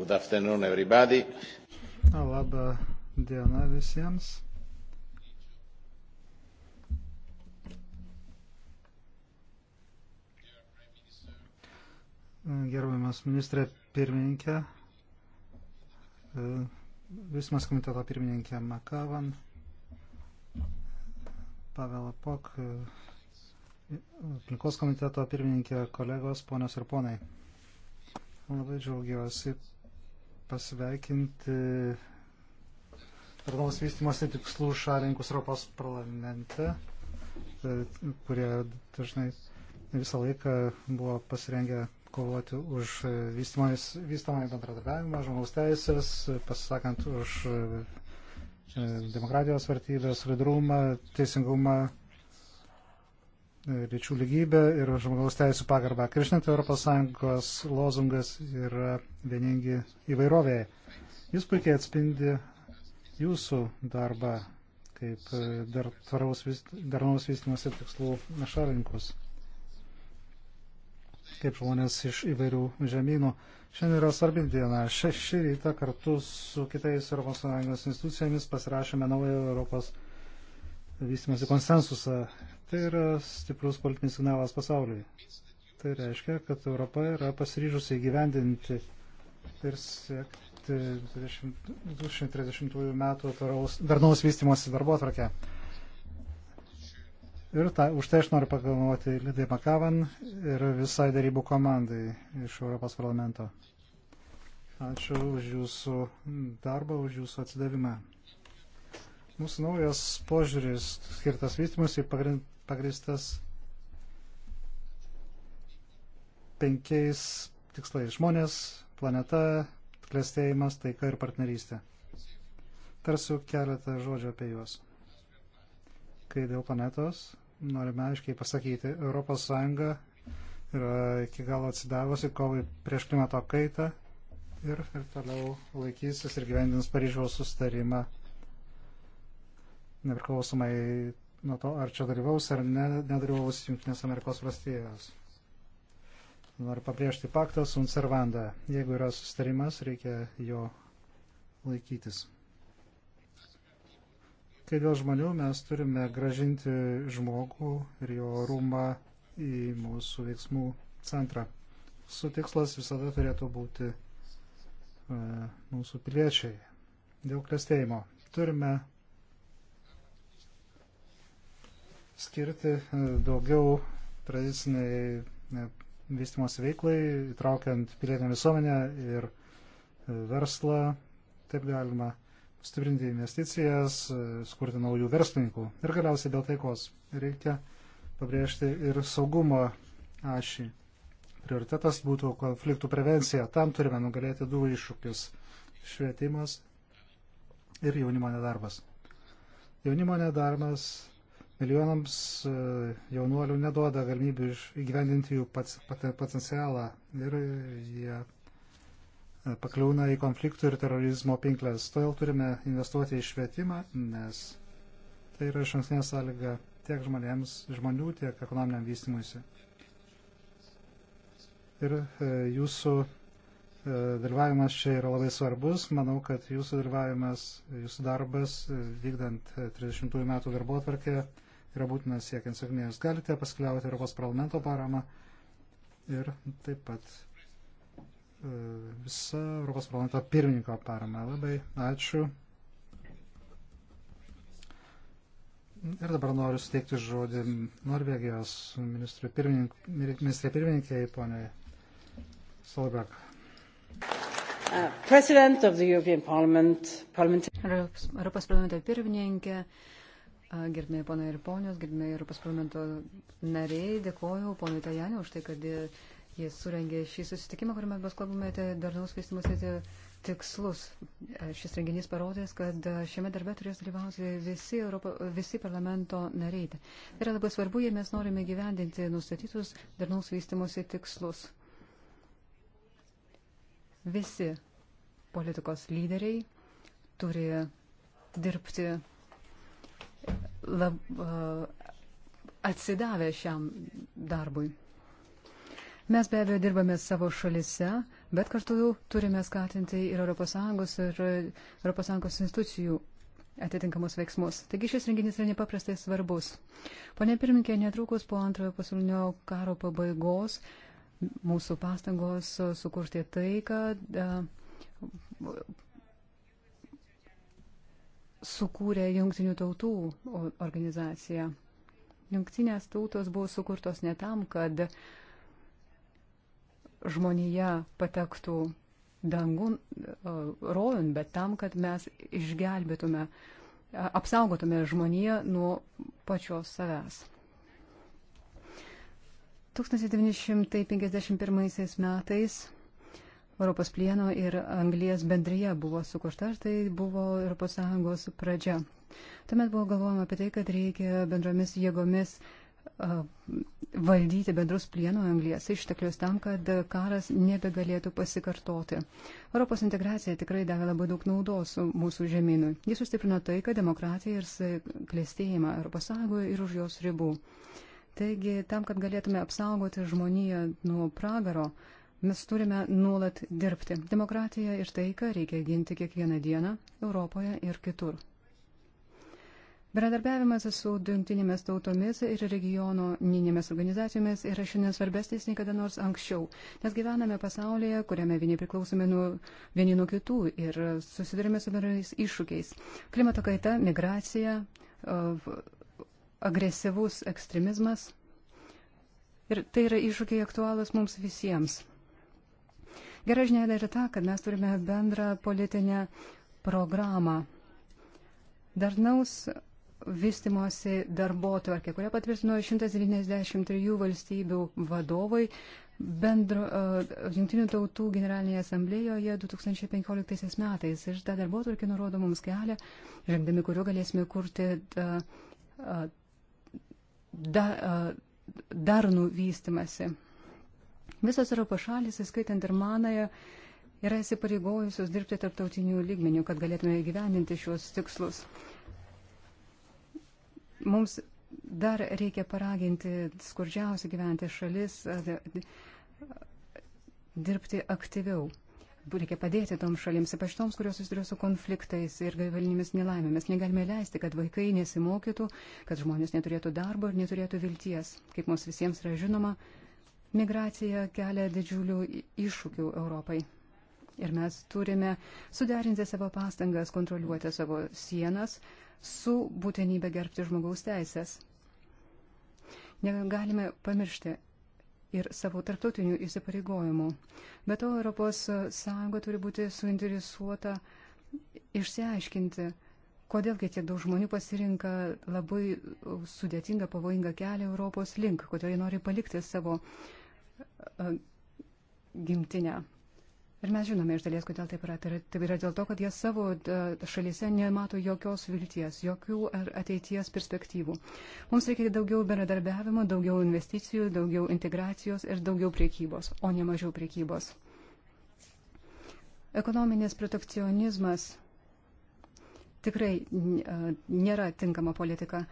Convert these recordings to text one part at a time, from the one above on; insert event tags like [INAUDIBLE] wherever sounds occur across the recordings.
Good afternoon, everybody. Labą dieną visiems. Gerbiamas ministrė pirmininkė, e, visimas komiteto pirmininkė Makavan, Pavel Pok, e, aplinkos komiteto pirmininkė, kolegos, ponios ir ponai. Labai džiaugiuosi pasveikinti darnaus vystimosi tikslų šalininkus Europos parlamente, e, kurie dažnai visą laiką buvo pasirengę kovoti už vystamąjį bendradarbiavimą, žmogaus teisės, pasisakant už e, demokratijos vertybės, solidarumą, teisingumą, lyčių lygybę ir žmogaus teisų pagarbą. Kaip žinote, ES lozungas yra vieningi įvairovėje. Jis puikiai atspindi jūsų darbą kaip e, dar darnaus vystimosi tikslų šalininkus, kaip žmonės iš įvairių žemynų. Šiandien yra svarbi diena. Šį rytą kartu su kitais ES institucijomis pasirašėme naują Europos vystimosi konsensusą Tai yra stiprus politinis signalas pasauliui. Tai reiškia, kad Europa yra pasiryžusi įgyvendinti ir siekti 2030 metų darnaus vystimosi darbo atvarkę. Ir ta, už tai aš noriu pakalnuoti Lidai Makavan ir visai darybų komandai iš Europos parlamento. Ačiū už jūsų darbą, už jūsų atsidavimą. Mūsų naujas požiūris skirtas vystimus į pagrindinį pagristas penkiais tikslais - žmonės, planeta, klėstėjimas, taika ir partnerystė. Tarsiu keletą žodžių apie juos. Kai dėl planetos norime aiškiai pasakyti, ES yra iki galo atsidavusi kovai prieš klimato kaitą ir, ir toliau laikysis ir gyvendins Paryžiaus sustarimą nepriklausomai nuo to, ar čia dalyvaus ar ne, nedalyvaus Junktinės Amerikos valstijos. Noriu pabrėžti paktą sunt servanda. Jeigu yra sustarimas, reikia jo laikytis. Kai dėl žmonių mes turime gražinti žmogų ir jo orumą į mūsų veiksmų centrą. Su tikslas visada turėtų būti e, mūsų piliečiai. Dėl klestėjimo turime skirti e, daugiau tradiciniai e, vystimos veiklai, įtraukiant pilietinę visuomenę ir e, verslą. Taip galima stiprinti investicijas, skurti naujų verslininkų. Ir galiausiai dėl taikos reikia pabrėžti ir saugumo ašį. Prioritetas būtų konfliktų prevencija. Tam turime nugalėti du iššūkius - švietimas ir jaunimo nedarbas. Jaunimo nedarbas Milijonams e, jaunuolių neduoda galimybių įgyvendinti jų potencialą ir jie e, pakliūna į konfliktų ir terorizmo pinklės. Todėl turime investuoti į švietimą, nes tai yra iš anksnės sąlyga tiek žmonėms, žmonių, tiek ekonominiam vystimuisi. Ir e, jūsų dalyvavimas čia yra labai svarbus. Manau, kad jūsų dalyvavimas, jūsų darbas vykdant 30 metų darbo atvarkę yra būtinas siekiant sėkmės. Galite paskliauti Europos parlamento paramą ir taip pat e, visą Europos parlamento pirmininko paramą. Labai ačiū. Ir dabar noriu suteikti žodį Norvegijos ministrė pirmininkė, pirmininkė ponė Solberg. Uh, Europos parlamento pirmininkė, Gerbėjai ponai ir ponios, gerbėjai Europos parlamento nariai, dėkoju ponui Tajaniu už tai, kad jis surengė šį susitikimą, kuriame mes kalbame apie darnaus vystimuose tikslus. Šis renginys parodės, kad šiame darbe turės dalyvauti visi, Europo, visi parlamento nariai. Tai yra labai svarbu, jei mes norime gyvendinti nustatytus darnaus vystimuose tikslus. Visi politikos lyderiai turi dirbti lab, atsidavę šiam darbui. Mes be abejo dirbame savo šalise, bet kartu turime skatinti ir ES ir ES institucijų atitinkamus veiksmus. Taigi šis renginys yra nepaprastai svarbus. Pane pirminkė, netrukus po antrojo pasaulinio karo pabaigos mūsų pastangos sukurti taiką sukūrė Junktinių tautų organizaciją. Junktinės tautos buvo sukurtos ne tam, kad žmonija patektų dangun, rojun, bet tam, kad mes išgelbėtume, apsaugotume žmoniją nuo pačios savęs. 1951 metais Europos plieno ir anglijas bendryje buvo sukurta, tai buvo ES pradžia. Tuomet buvo galvojama apie tai, kad reikia bendromis jėgomis valdyti bendrus plieno anglijas išteklius tam, kad karas nebegalėtų pasikartoti. Europos integracija tikrai davė labai daug naudos mūsų žemynui. Jis sustiprino tai, kad demokratija ir klėstėjimą Europos Sąjungoje ir už jos ribų. Taigi, tam, kad galėtume apsaugoti žmoniją nuo pragaro, Mes turime nuolat dirbti. Demokratiją ir taiką reikia ginti kiekvieną dieną Europoje ir kitur. Bendradarbiavimas su jungtinėmis tautomis ir regiono ninėmis organizacijomis yra šiandien svarbesnis nei kada nors anksčiau, nes gyvename pasaulyje, kuriame vieni priklausome nuo, vieni nuo kitų ir susidurime su bendrais iššūkiais. Klimato kaita, migracija, agresyvus ekstremizmas. Ir tai yra iššūkiai aktualūs mums visiems. Gera žinia yra ta, kad mes turime bendrą politinę programą. Darnaus vystimosi darbo tvarkė, kurią patvirtino 193 valstybių vadovai bendro, uh, e, Junktinių tautų generalinėje asamblėjoje 2015 metais. Ir ta darbo tvarkė nurodo mums kelią, žengdami kuriuo galėsime kurti uh, uh, da, uh, darnų vystimasi. Visos Europos šalis, įskaitant ir manąją, yra įsipareigojusios dirbti tarptautinių lygmenių, kad galėtume įgyvendinti šios tikslus. Mums dar reikia paraginti skurdžiausiai gyventi šalis dirbti aktyviau. Reikia padėti toms šalims, ypač toms, kurios susiduria su konfliktais ir gaivalinėmis nelaimėmis. Negalime leisti, kad vaikai nesimokytų, kad žmonės neturėtų darbo ir neturėtų vilties. Kaip mums visiems yra žinoma, Migracija kelia didžiulių iššūkių Europai. Ir mes turime suderinti savo pastangas kontroliuoti savo sienas su būtinybė gerbti žmogaus teisės. Negalime pamiršti ir savo tarptautinių įsipareigojimų. Be to, ES turi būti suinteresuota išsiaiškinti, kodėlgi tiek daug žmonių pasirinka labai sudėtingą, pavojingą kelią Europos link, kodėl jie nori palikti savo uh, gimtinę. Ir mes žinome iš dalies, kodėl taip yra. Tai yra tai dėl to, kad jie savo šalyse nemato jokios vilties, jokių ateities perspektyvų. Mums reikia daugiau bendradarbiavimo, daugiau investicijų, daugiau integracijos ir daugiau priekybos, o ne mažiau priekybos. Ekonominis protekcionizmas tikrai nėra tinkama politika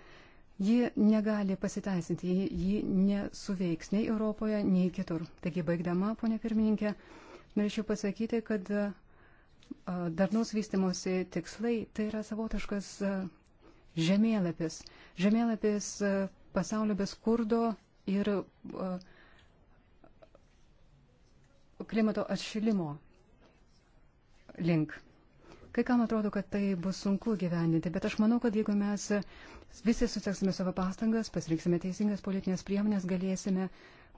ji negali pasiteisinti, ji, ji nesuveiks nei Europoje, nei kitur. Taigi, baigdama, ponė pirmininkė, norėčiau pasakyti, kad darnaus vystimosi tikslai tai yra savotiškas žemėlapis. Žemėlapis pasaulio be skurdo ir klimato atšilimo link. Kai kam atrodo, kad tai bus sunku gyveninti, bet aš manau, kad jeigu mes visi suteksime savo pastangas, pasirinksime teisingas politinės priemonės, galėsime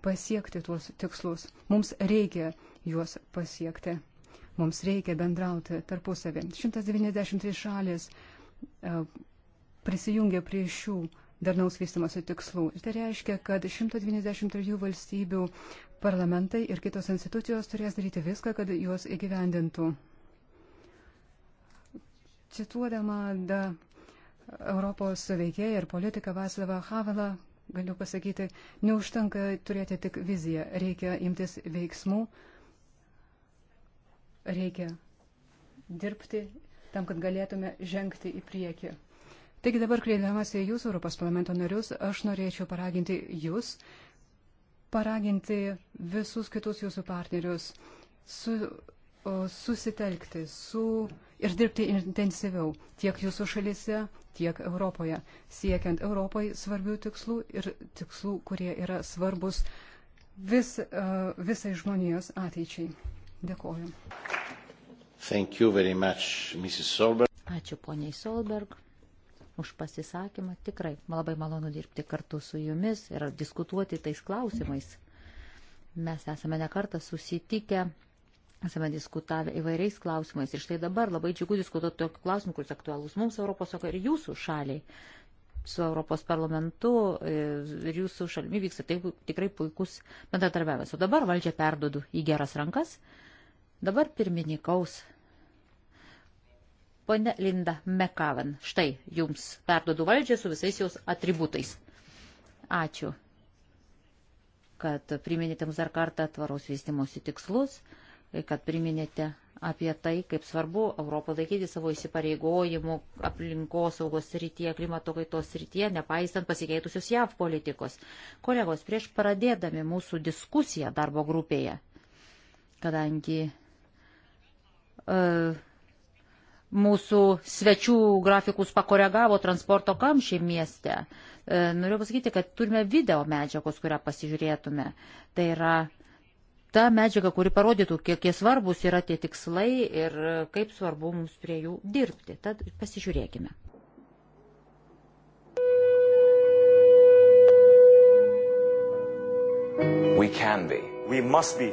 pasiekti tuos tikslus. Mums reikia juos pasiekti. Mums reikia bendrauti tarpusavį. 193 šalis e, prisijungia prie šių darnaus vystimosi tikslų. Ir tai reiškia, kad 193 valstybių parlamentai ir kitos institucijos turės daryti viską, kad juos įgyvendintų. Cituodama da, Europos veikėją ir politiką Vaslavą Havelą, galiu pasakyti, neužtenka turėti tik viziją, reikia imtis veiksmų, reikia dirbti tam, kad galėtume žengti į priekį. Taigi dabar, kreidamas į Jūsų Europos parlamento narius, aš norėčiau paraginti Jūs, paraginti visus kitus Jūsų partnerius su, susitelkti su ir dirbti intensyviau tiek jūsų šalyse, tiek Europoje, siekiant Europai svarbių tikslų ir tikslų, kurie yra svarbus vis, visai žmonijos ateičiai. Dėkoju. Much, Ačiū poniai Solberg už pasisakymą. Tikrai labai malonu dirbti kartu su jumis ir diskutuoti tais klausimais. Mes esame nekartą susitikę Esame diskutavę įvairiais klausimais ir štai dabar labai džiugu diskutuoti tokiu klausimu, kuris aktualus mums Europos ir jūsų šaliai. Su Europos parlamentu ir jūsų šalimi vyksta taip, tikrai puikus bendradarbiavimas. O dabar valdžią perdodu į geras rankas. Dabar pirmininkaus. Pone Linda Mekavan, štai jums perdodu valdžią su visais jos atributais. Ačiū, kad priminėte mums dar kartą tvaros vystimosi tikslus kad priminėte apie tai, kaip svarbu Europą laikyti savo įsipareigojimų aplinkosaugos srityje, klimato kaitos srityje, nepaisant pasikeitusios JAV politikos. Kolegos, prieš pradėdami mūsų diskusiją darbo grupėje, kadangi uh, mūsų svečių grafikus pakoregavo transporto kamščiai mieste, uh, e, noriu pasakyti, kad turime video medžiagos, kurią pasižiūrėtume. Tai yra ta medžiaga, kuri parodytų, kiek jie svarbus yra tie tikslai ir kaip svarbu mums prie jų dirbti. Tad pasižiūrėkime. We can be. We must be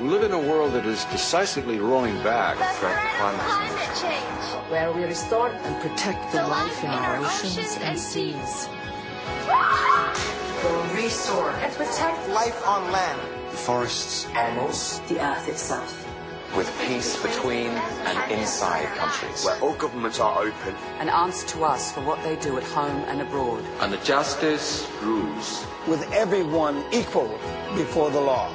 live in a world that is decisively rolling back from climate change. Where we restore and protect the, the life in our oceans, oceans and seas. We'll restore and protect life on land. The forests, animals, the earth itself. With peace between and inside countries. Where all governments are open. And answer to us for what they do at home and abroad. And the justice rules. With everyone equal before the law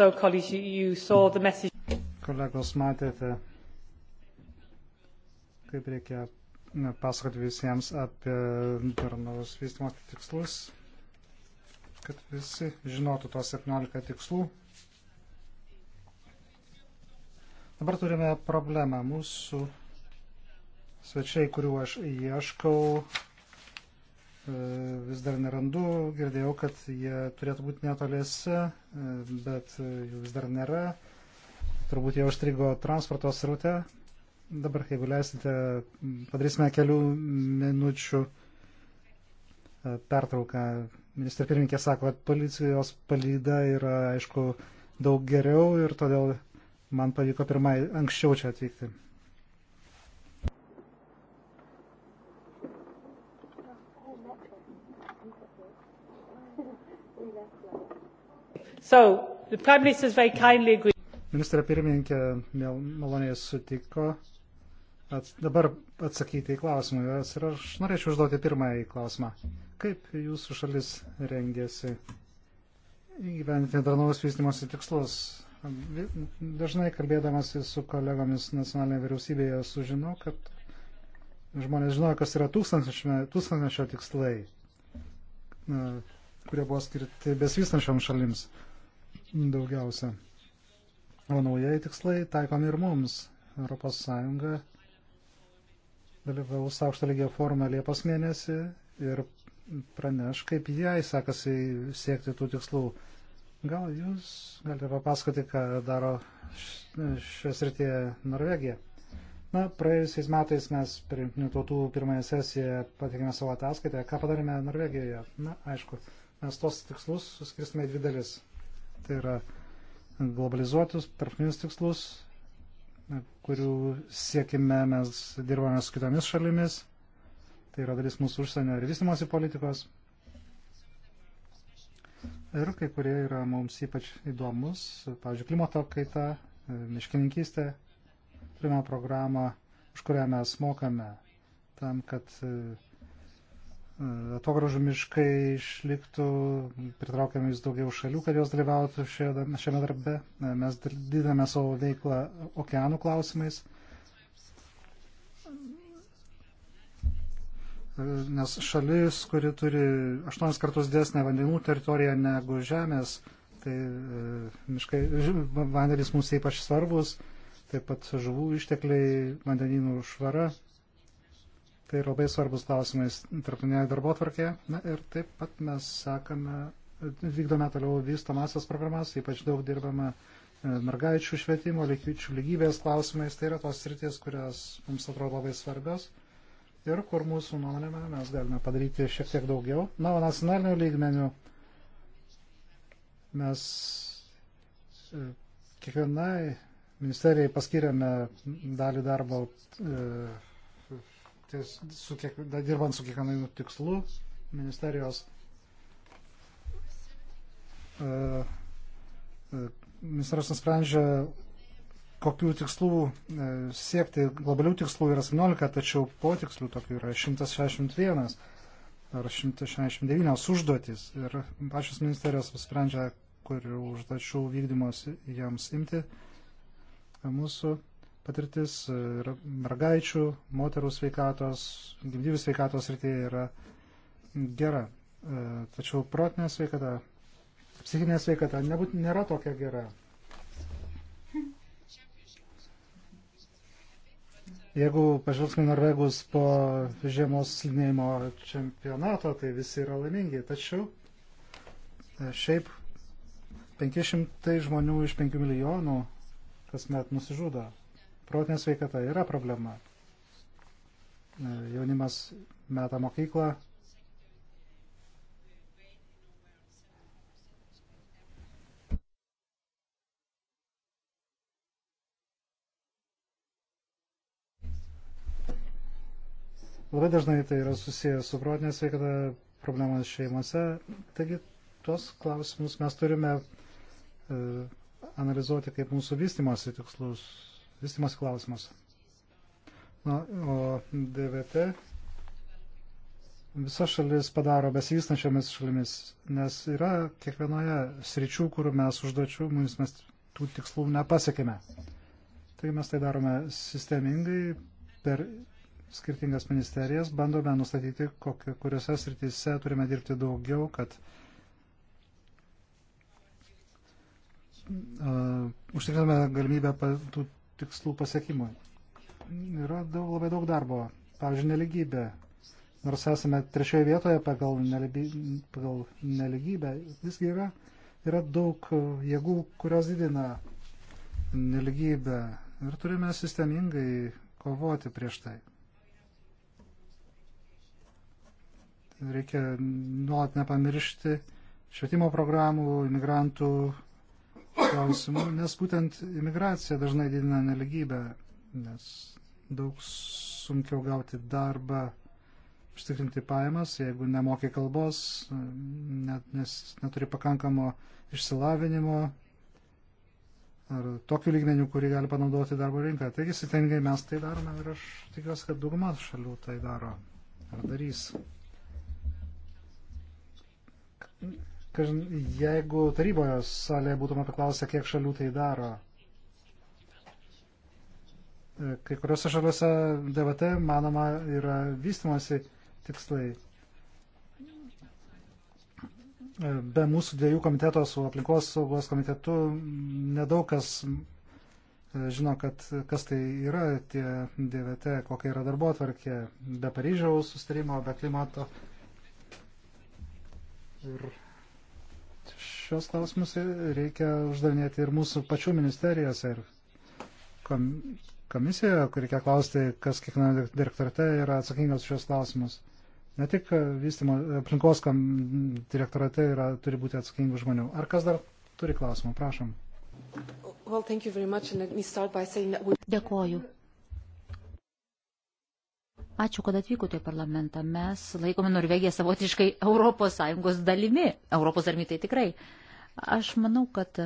So, colleagues, you, you saw the message. Kolegos, matėte, kaip reikia pasakoti visiems apie darnaus vystimo tikslus, kad visi žinotų tos 17 tikslų. Dabar turime problemą. Mūsų svečiai, kurių aš ieškau, E, vis dar nerandu, girdėjau, kad jie turėtų būti netoliese, e, bet e, jų vis dar nėra. Turbūt jie užstrigo transporto sraute. Dabar, jeigu leisite, padarysime kelių minučių pertrauką. Ministrė pirmininkė sako, kad policijos palyda yra, aišku, daug geriau ir todėl man pavyko pirmai anksčiau čia atvykti. So, Ministra pirmininkė maloniai sutiko at, dabar atsakyti į klausimą. Ir aš norėčiau užduoti pirmąjį klausimą. Kaip jūsų šalis rengėsi įgyventi darnaus vystimosi tikslus? Dažnai kalbėdamas su kolegomis nacionalinėje vyriausybėje sužinau, kad žmonės žinojo, kas yra tūkstančio tikslai, kurie buvo skirti besvystančiom šalims daugiausia. O naujai tikslai taikomi ir mums. ES dalyvaus aukšto lygio formą Liepos mėnesį ir praneš, kaip jai sekasi siekti tų tikslų. Gal jūs galite papasakoti, ką daro šios rytėje Norvegija? Na, praėjusiais metais mes per Junktinių tautų pirmąją sesiją patikėme savo ataskaitę, ką padarėme Norvegijoje. Na, aišku, mes tos tikslus suskirstame į dvi dalis tai yra globalizuotus, tarptautinius tikslus, kurių siekime, mes dirbame su kitomis šalimis, tai yra dalis mūsų užsienio ir vystimosi politikos. Ir kai kurie yra mums ypač įdomus, pavyzdžiui, klimato kaita, miškininkystė, turime programą, už kurią mes mokame tam, kad E, atogražų miškai išliktų, pritraukiame vis daugiau šalių, kad jos dalyvautų šiame darbe. E, mes didiname savo veiklą okeanų klausimais, e, nes šalis, kuri turi 8 kartus dėsnę vandenų teritoriją negu žemės, tai miškai, vandenys mums ypač svarbus, taip pat žuvų ištekliai, vandeninų švara Tai yra labai svarbus klausimais tarptautinėje darbo tvarkėje. Na ir taip pat mes sakame, vykdome toliau vystomasias programas, ypač daug dirbame e, mergaičių švietimo, lygių lygybės klausimais. Tai yra tos sritis, kurios mums atrodo labai svarbios ir kur mūsų nuomonėme mes galime padaryti šiek tiek daugiau. Na, o nacionaliniu lygmeniu mes e, kiekvienai ministerijai paskiriame dalį darbo e, ties, su kiek, dirbant su kiekvienu tikslu ministerijos uh, ministerijos nusprendžia, kokių tikslų e, siekti. Globalių tikslų yra 17, tačiau potikslių tokių yra 161 ar 169 užduotis. Ir pačios ministerijos nusprendžia, kurių užduočių vykdymos jiems imti. Mūsų patirtis e, mergaičių, moterų sveikatos, gimdyvių sveikatos rytyje yra gera. E, tačiau protinė sveikata, psichinė sveikata nebūt, nėra tokia gera. Jeigu pažvelgsime norvegus po žiemos slidinėjimo čempionato, tai visi yra laimingi. Tačiau e, šiaip 500 žmonių iš 5 milijonų kasmet nusižudo. Protinė sveikata yra problema. Jaunimas meta mokyklą. Labai dažnai tai yra susijęs su protinė sveikata, problemas šeimose. Taigi tuos klausimus mes turime e, analizuoti kaip mūsų vystimosi tikslus vystimas klausimus. Na, o DVT visas šalis padaro besivystančiomis šalimis, nes yra kiekvienoje sričių, kur mes užduočių, mums mes tų tikslų nepasiekime. Taigi mes tai darome sistemingai per skirtingas ministerijas, bandome nustatyti, kokio, kuriuose srityse turime dirbti daugiau, kad uh, užtikrintume galimybę pa, tų tikslų pasiekimui. Yra daug, labai daug darbo. Pavyzdžiui, neligybė. Nors esame trečioje vietoje pagal, neliby, pagal neligybę, visgi yra, yra daug e, jėgų, kurios didina neligybę. Ir turime sistemingai kovoti prieš tai. Reikia nuolat nepamiršti švietimo programų, imigrantų klausimų, nes būtent imigracija dažnai didina neligybę, nes daug sunkiau gauti darbą, užtikrinti pajamas, jeigu nemoki kalbos, net, nes neturi pakankamo išsilavinimo ar tokiu lygmeniu, kurį gali panaudoti darbo rinką. Taigi, sitingai mes tai darome ir aš tikiuosi, kad dauguma šalių tai daro ar darys Jeigu taryboje salėje būtume paklausę, kiek šalių tai daro, e, kai kuriuose šaliuose DVT, manoma, yra vystimosi tikslai. E, be mūsų dviejų komiteto su aplinkos saugos komitetu nedaug kas e, žino, kad kas tai yra tie DVT, kokia yra darbo atvarkė be Paryžiaus sustarimo, be klimato. Ir šios klausimus reikia uždavinėti ir mūsų pačių ministerijose ir komisijoje, kur reikia klausti, kas kiekvieno direktorate yra atsakingas šios klausimus. Ne tik vystymo aplinkos direktorate yra, turi būti atsakingų žmonių. Ar kas dar turi klausimą? Prašom. Well, we... Dėkoju. Ačiū, kad atvykote į parlamentą. Mes laikome Norvegiją savotiškai ES dalimi. Europos dalimi tai tikrai. Aš manau, kad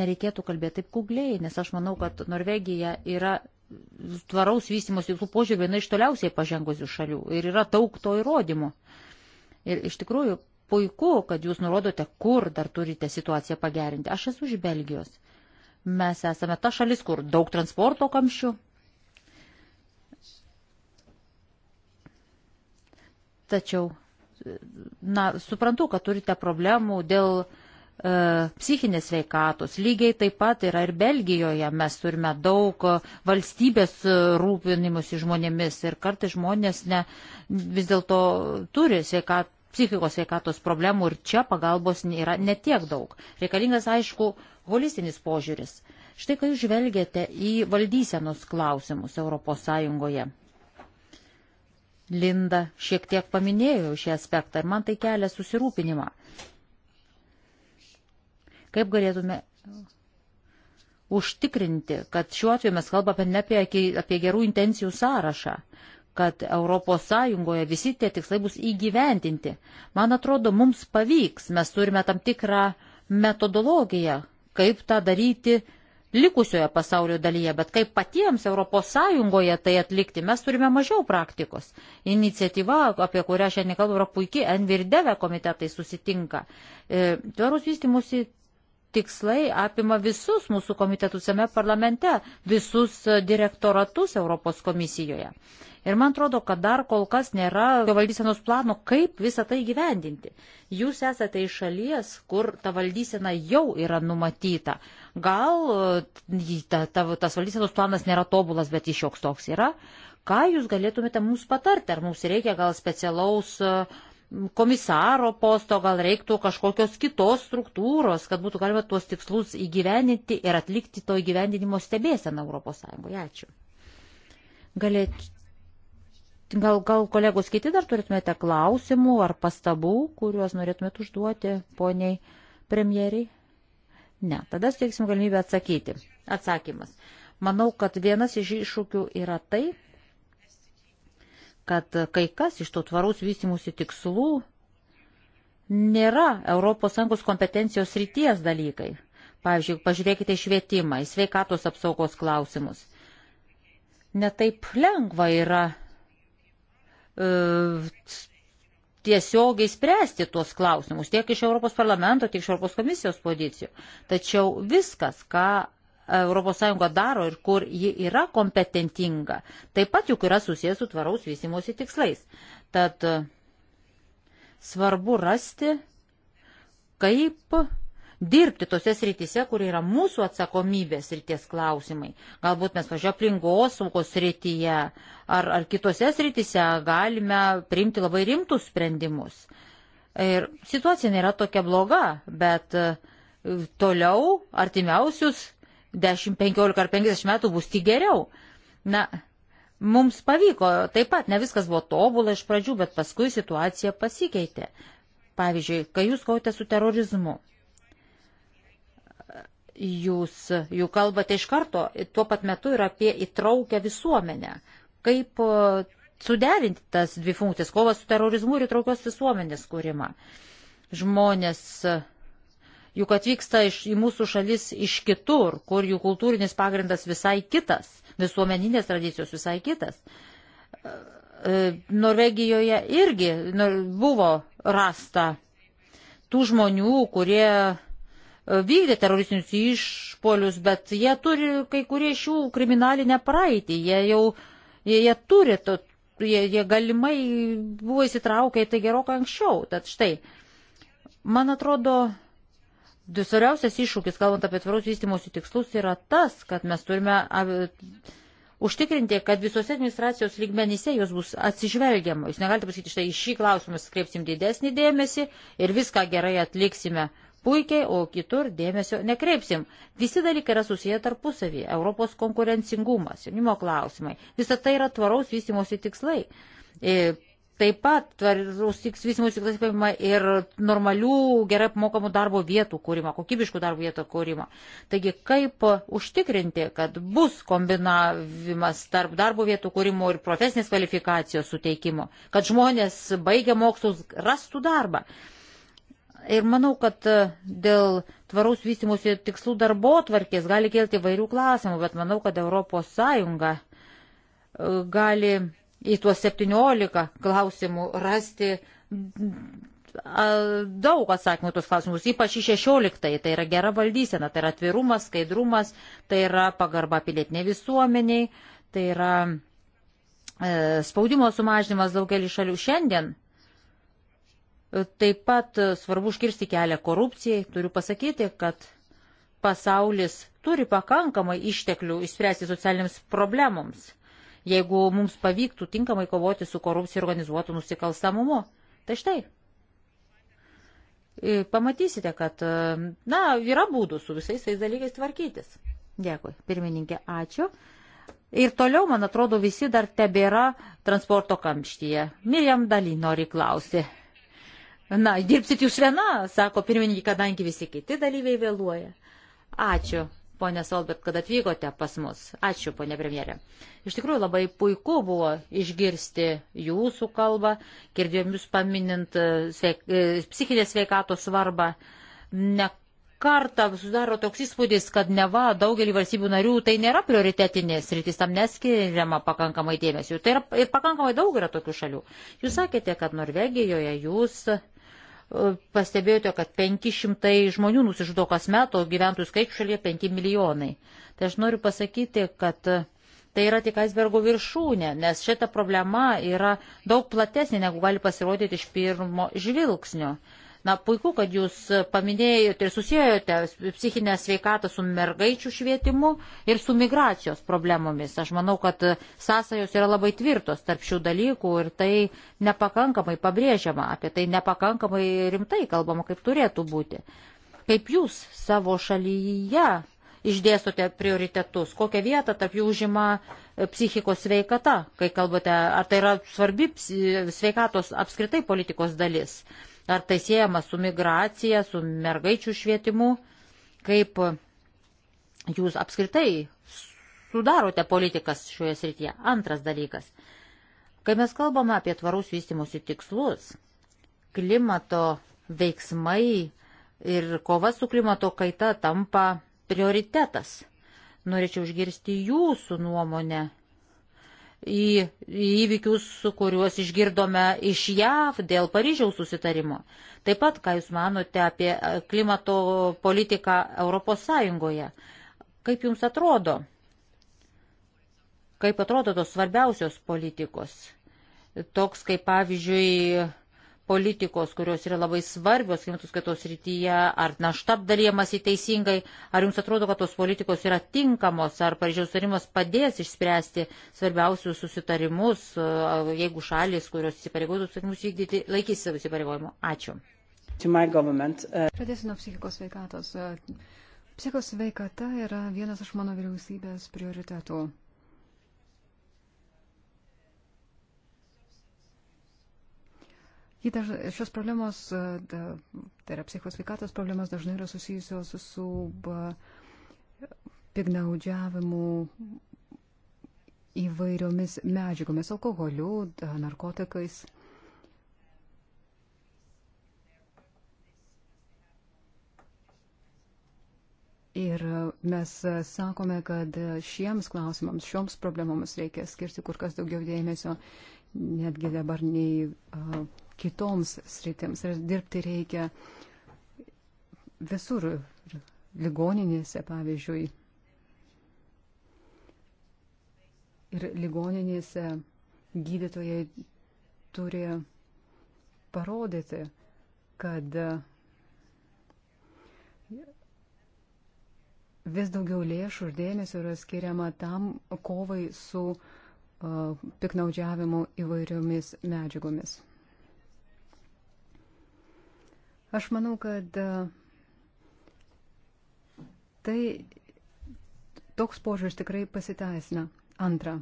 nereikėtų kalbėti taip kugliai, nes aš manau, kad Norvegija yra tvaraus vystimos tikslų požiūrį viena iš toliausiai pažengusių šalių ir yra daug to įrodymų. Ir iš tikrųjų puiku, kad jūs nurodote, kur dar turite situaciją pagerinti. Aš esu iš Belgijos. Mes esame ta šalis, kur daug transporto kamščių, Tačiau, na, suprantu, kad turite problemų dėl e, psichinės veikatos. Lygiai taip pat yra ir Belgijoje. Mes turime daug valstybės rūpinimus žmonėmis ir kartai žmonės ne, vis dėlto turi sveikatos psichikos sveikatos problemų ir čia pagalbos yra netiek daug. Reikalingas, aišku, holistinis požiūris. Štai kai žvelgiate į valdysenos klausimus ES. Linda šiek tiek paminėjo šį aspektą ir man tai kelia susirūpinimą. Kaip galėtume užtikrinti, kad šiuo atveju mes kalbame ne apie, apie gerų intencijų sąrašą, kad ES visi tie tikslai bus įgyvendinti. Man atrodo, mums pavyks, mes turime tam tikrą metodologiją, kaip tą daryti likusioje pasaulio dalyje, bet kaip patiems ES tai atlikti, mes turime mažiau praktikos. Iniciatyva, apie kurią šiandien kalbu, yra puikiai, Envirdeve komitetai susitinka. E, tvarus vystimusi tikslai apima visus mūsų komitetus jame parlamente, visus e, direktoratus Europos komisijoje. Ir man atrodo, kad dar kol kas nėra valdysenos plano, kaip visą tai gyvendinti. Jūs esate iš šalies, kur ta valdysena jau yra numatyta. Gal e, ta, ta, tas valdysenos planas nėra tobulas, bet jis joks toks yra. Ką jūs galėtumėte mums patarti? Ar mums reikia gal specialaus e, komisaro posto, gal reiktų kažkokios kitos struktūros, kad būtų galima tuos tikslus įgyveninti ir atlikti to įgyvendinimo stebėseną ES. Ačiū. Galėt... Gal, gal kolegos kiti dar turėtumėte klausimų ar pastabų, kuriuos norėtumėte užduoti poniai premjeriai? Ne, tada suteiksim galimybę atsakyti. Atsakymas. Manau, kad vienas iš iššūkių yra tai, kad kai kas iš to tvaraus vystimusi tikslų nėra ES kompetencijos ryties dalykai. Pavyzdžiui, pažiūrėkite švietimą, į sveikatos apsaugos klausimus. Netaip lengva yra e, tiesiogiai spręsti tuos klausimus tiek iš Europos parlamento, tiek iš Europos komisijos pozicijų. Tačiau viskas, ką ES daro ir kur ji yra kompetentinga, taip pat juk yra susijęs su tvaraus vystimosi tikslais. Tad e, svarbu rasti, kaip dirbti tose srityse, kur yra mūsų atsakomybės srities klausimai. Galbūt mes, važiuoju, aplinkos saugos srityje ar, ar kitose srityse galime priimti labai rimtus sprendimus. Ir situacija nėra tokia bloga, bet e, toliau artimiausius 10, 15 ar 50 metų bus tik geriau. Na, mums pavyko, taip pat ne viskas buvo tobula iš pradžių, bet paskui situacija pasikeitė. Pavyzdžiui, kai jūs kautė su terorizmu, jūs jų kalbate iš karto, tuo pat metu ir apie įtraukę visuomenę. Kaip e, suderinti tas dvi funkcijas, kovas su terorizmu ir įtraukios visuomenės kūrimą. Žmonės uh, juk atvyksta iš, į mūsų šalis iš kitur, kur jų kultūrinis pagrindas visai kitas, visuomeninės tradicijos visai kitas. E, Norvegijoje irgi buvo rasta tų žmonių, kurie e, vykdė teroristinius išpolius, bet jie turi kai kurie iš jų kriminalinę praeitį, jie jau, jie, jie turi, to, jie, jie galimai buvo įsitraukę į tai gerokai anksčiau. Tad štai, man atrodo, Dusariausias iššūkis, kalbant apie tvaros vystimosi tikslus, yra tas, kad mes turime užtikrinti, kad visose administracijos lygmenyse jos bus atsižvelgiama. Jūs negalite pasakyti, štai į šį klausimą skreipsim didesnį dėmesį ir viską gerai atliksime puikiai, o kitur dėmesio nekreipsim. Visi dalykai yra susiję tarpusavyje. Europos konkurencingumas, jaunimo klausimai. Visa tai yra tvaraus vystimosi tikslai. E, Taip pat tvarus vystimus tikslas paima ir normalių, gerai apmokamų darbo vietų kūrimą, kokybiškų darbo vietų kūrimą. Taigi, kaip užtikrinti, kad bus kombinavimas tarp darbo vietų kūrimo ir profesinės kvalifikacijos suteikimo, kad žmonės baigę mokslus rastų darbą. Ir manau, kad e, dėl tvaraus vystimusi tikslų darbo tvarkės gali kelti vairių klausimų, bet manau, kad ES e, gali į tuos 17 klausimų rasti daug atsakymų tuos klausimus, ypač į 16. Tai yra gera valdysena, tai yra atvirumas, skaidrumas, tai yra pagarba pilietiniai visuomeniai, tai yra e, spaudimo sumažinimas daugelį šalių šiandien. E, taip pat e, svarbu užkirsti kelią korupcijai. Turiu pasakyti, kad pasaulis turi pakankamai išteklių išspręsti socialiniams problemams jeigu mums pavyktų tinkamai kovoti su korupcija ir organizuotų nusikalstamumu. Tai štai. E, pamatysite, kad, e, na, yra būdų su visais tais dalykais tvarkytis. Dėkui, pirmininkė, ačiū. Ir toliau, man atrodo, visi dar tebėra transporto kamštyje. Mirjam daly nori klausyti. Na, dirbsit jūs viena, sako pirmininkė, kadangi visi kiti dalyviai vėluoja. Ačiū ponė Solbert, kad atvykote pas mus. Ačiū, ponė premjerė. Iš tikrųjų labai puiku buvo išgirsti jūsų kalbą, girdėjom jūs paminint e, sveik, e, psichinės sveikatos svarbą. Ne kartą susidaro toks įspūdis, kad neva daugelį valstybių narių tai nėra prioritetinės rytis, tam neskiriama pakankamai dėmesio. Tai yra, ir pakankamai daug yra tokių šalių. Jūs sakėte, kad Norvegijoje jūs pastebėjote, kad 500 žmonių nusižudo kas metų, gyventojų skaičių šalyje 5 milijonai. Tai aš noriu pasakyti, kad tai yra tik aisbergo viršūnė, nes šita problema yra daug platesnė, negu gali pasirodyti iš pirmo žvilgsnio. Na, puiku, kad jūs paminėjote ir susijojote psichinę sveikatą su mergaičių švietimu ir su migracijos problemomis. Aš manau, kad sąsajos yra labai tvirtos tarp šių dalykų ir tai nepakankamai pabrėžiama, apie tai nepakankamai rimtai kalbama, kaip turėtų būti. Kaip jūs savo šalyje išdėstote prioritetus, kokią vietą tarp jų užima psichikos sveikata, kai kalbate, ar tai yra svarbi sveikatos apskritai politikos dalis. Uh, Ar tai siejama su migracija, su mergaičių švietimu, kaip jūs apskritai sudarote politikas šioje srityje. Antras dalykas. Kai mes kalbame apie tvarus vystimosi tikslus, klimato veiksmai ir kova su klimato kaita tampa prioritetas. Norėčiau užgirsti jūsų nuomonę į įvykius, kuriuos išgirdome iš JAV dėl Paryžiaus susitarimo. Taip pat, ką Jūs manote apie e, klimato politiką Europos Sąjungoje. Kaip Jums atrodo? Kaip atrodo tos svarbiausios politikos? Toks kaip pavyzdžiui politikos, kurios yra labai svarbios klimatos kaitos rytyje, ar našta apdalyjamas į teisingai, ar jums atrodo, kad tos politikos yra tinkamos, ar Paryžiaus sutarimas padės išspręsti svarbiausius susitarimus, jeigu šalis, kurios įsipareigojo susitarimus vykdyti, laikys savo įsipareigojimų. Ačiū. Uh, Pradėsiu nuo psichikos sveikatos. Uh, psichikos sveikata yra vienas iš mano vyriausybės prioritetų. Daž, šios problemos, e, tai yra psichosveikatos problemos, dažnai yra susijusios su pignaudžiavimu įvairiomis medžiagomis - alkoholiu, narkotikais. Ir mes sakome, kad šiems klausimams, šioms problemams reikia skirti kur kas daugiau dėmesio netgi dabar nei a, kitoms sritims. Ir dirbti reikia visur, ligoninėse pavyzdžiui. Ir ligoninėse gydytojai turi parodyti, kad vis daugiau lėšų ir dėmesio yra skiriama tam kovai su uh, piknaudžiavimu įvairiomis medžiagomis. Aš manau, kad tai toks požiūris tikrai pasiteisina. Antra.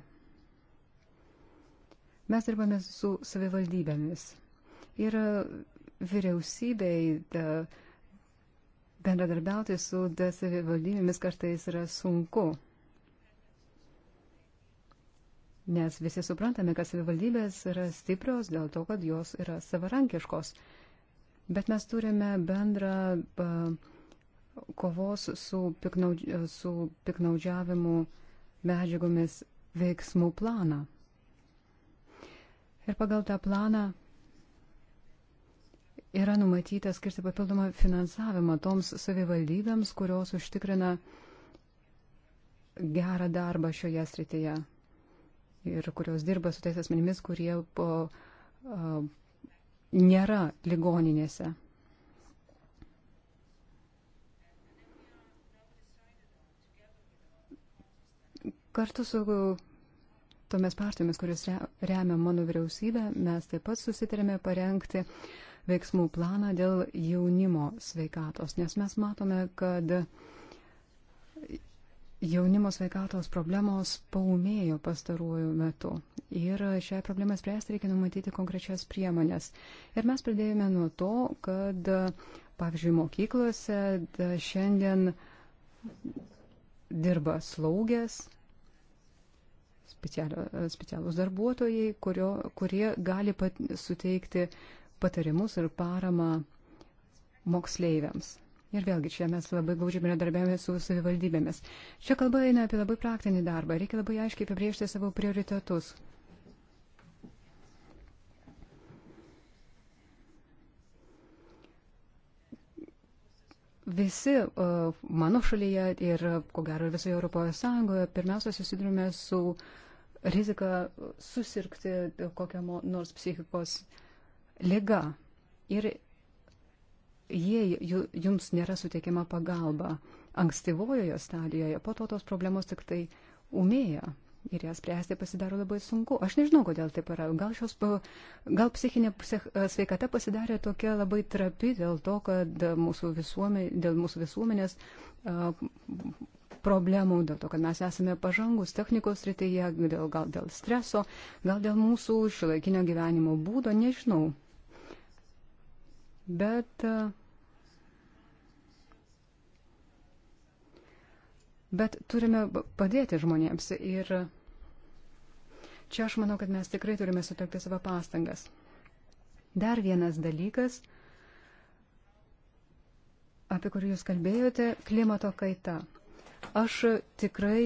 Mes dirbame su savivaldybėmis. Ir vyriausybei da, bendradarbiauti su savivaldybėmis kartais yra sunku. Nes visi suprantame, kad savivaldybės yra stiprios dėl to, kad jos yra savarankiškos. Bet mes turime bendrą kovos su, piknaudž... su piknaudžiavimu medžiagomis veiksmų planą. Ir pagal tą planą yra numatyta skirti papildomą finansavimą toms savivaldybėms, kurios užtikrina gerą darbą šioje srityje ir kurios dirba su tais asmenimis, kurie po, a, nėra ligoninėse. Kartu su tomis partijomis, kurios remia mano vyriausybę, mes taip pat susitarėme parengti veiksmų planą dėl jaunimo sveikatos, nes mes matome, kad uh, Jaunimo sveikatos problemos paumėjo pastaruoju metu ir šią problemą spręsti reikia numatyti konkrečias priemonės. Ir mes pradėjome nuo to, kad, pavyzdžiui, mokyklose šiandien dirba slaugės, specialūs darbuotojai, kurio, kurie gali pat, suteikti patarimus ir paramą moksleiviams. Ir vėlgi čia mes labai glaudžiai bendradarbiavame su savivaldybėmis. Čia kalba eina apie labai praktinį darbą. Reikia labai aiškiai apibriežti savo prioritetus. Visi mano šalyje ir, ko gero, visoje Europoje sąjungoje pirmiausia susidurime su rizika susirgti kokią nors psichikos lyga. Ir jei jums nėra suteikiama pagalba ankstyvojoje stadijoje, po to tos problemos tik tai umėja. Ir jas spręsti pasidaro labai sunku. Aš nežinau, kodėl taip yra. Gal, šios, gal psichinė psich, e, sveikata pasidarė tokia labai trapi dėl to, kad mūsų visuomė, dėl mūsų visuomenės a, e, problemų, dėl to, kad mes esame pažangus technikos rytyje, dėl, gal dėl streso, gal dėl mūsų šilaikinio gyvenimo būdo, nežinau. Bet. A, e, Bet turime padėti žmonėms ir čia aš manau, kad mes tikrai turime sutelkti savo pastangas. Dar vienas dalykas, apie kurį jūs kalbėjote, klimato kaita. Aš tikrai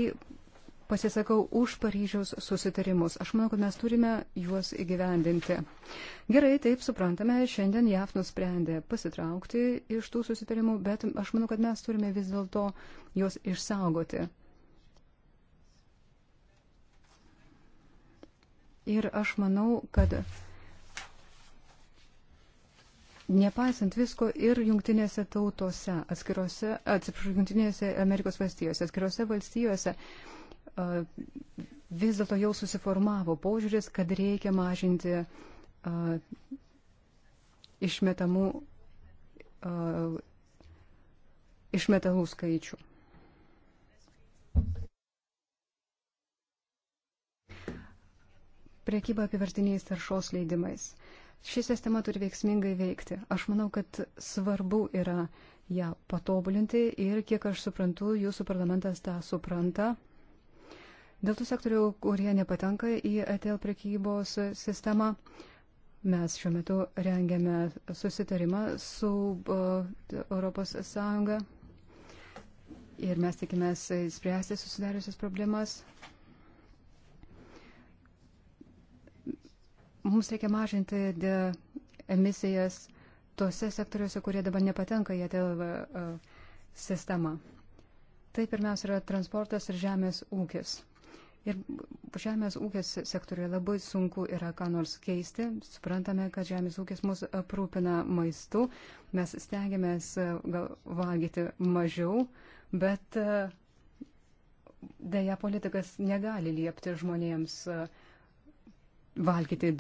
pasisakau už Paryžiaus susitarimus. Aš manau, kad mes turime juos įgyvendinti. Gerai, taip suprantame, šiandien JAF nusprendė pasitraukti iš tų susitarimų, bet aš manau, kad mes turime vis dėlto juos išsaugoti. Ir aš manau, kad Nepaisant visko ir jungtinėse tautose, atskirose, atsiprašau, jungtinėse Amerikos valstijose, atskirose valstijose vis dėlto jau susiformavo požiūris, kad reikia mažinti išmetamų, išmetalų skaičių. Priekyba apivartiniais taršos leidimais. Ši sistema turi veiksmingai veikti. Aš manau, kad svarbu yra ją patobulinti ir, kiek aš suprantu, jūsų parlamentas tą supranta. Dėl tų sektorių, kurie nepatenka į ETL prekybos sistemą, mes šiuo metu rengiame susitarimą su ES ir mes tikimės spręsti susidariusias problemas. Mums reikia mažinti emisijas tose sektoriuose, kurie dabar nepatenka į ETL sistemą. Tai pirmiausia yra transportas ir žemės ūkis. Ir žemės ūkės sektoriuje labai sunku yra ką nors keisti. Suprantame, kad žemės ūkis mus aprūpina maistu, mes stengiamės e, valgyti mažiau, bet e, dėja politikas negali liepti žmonėms e, valgyti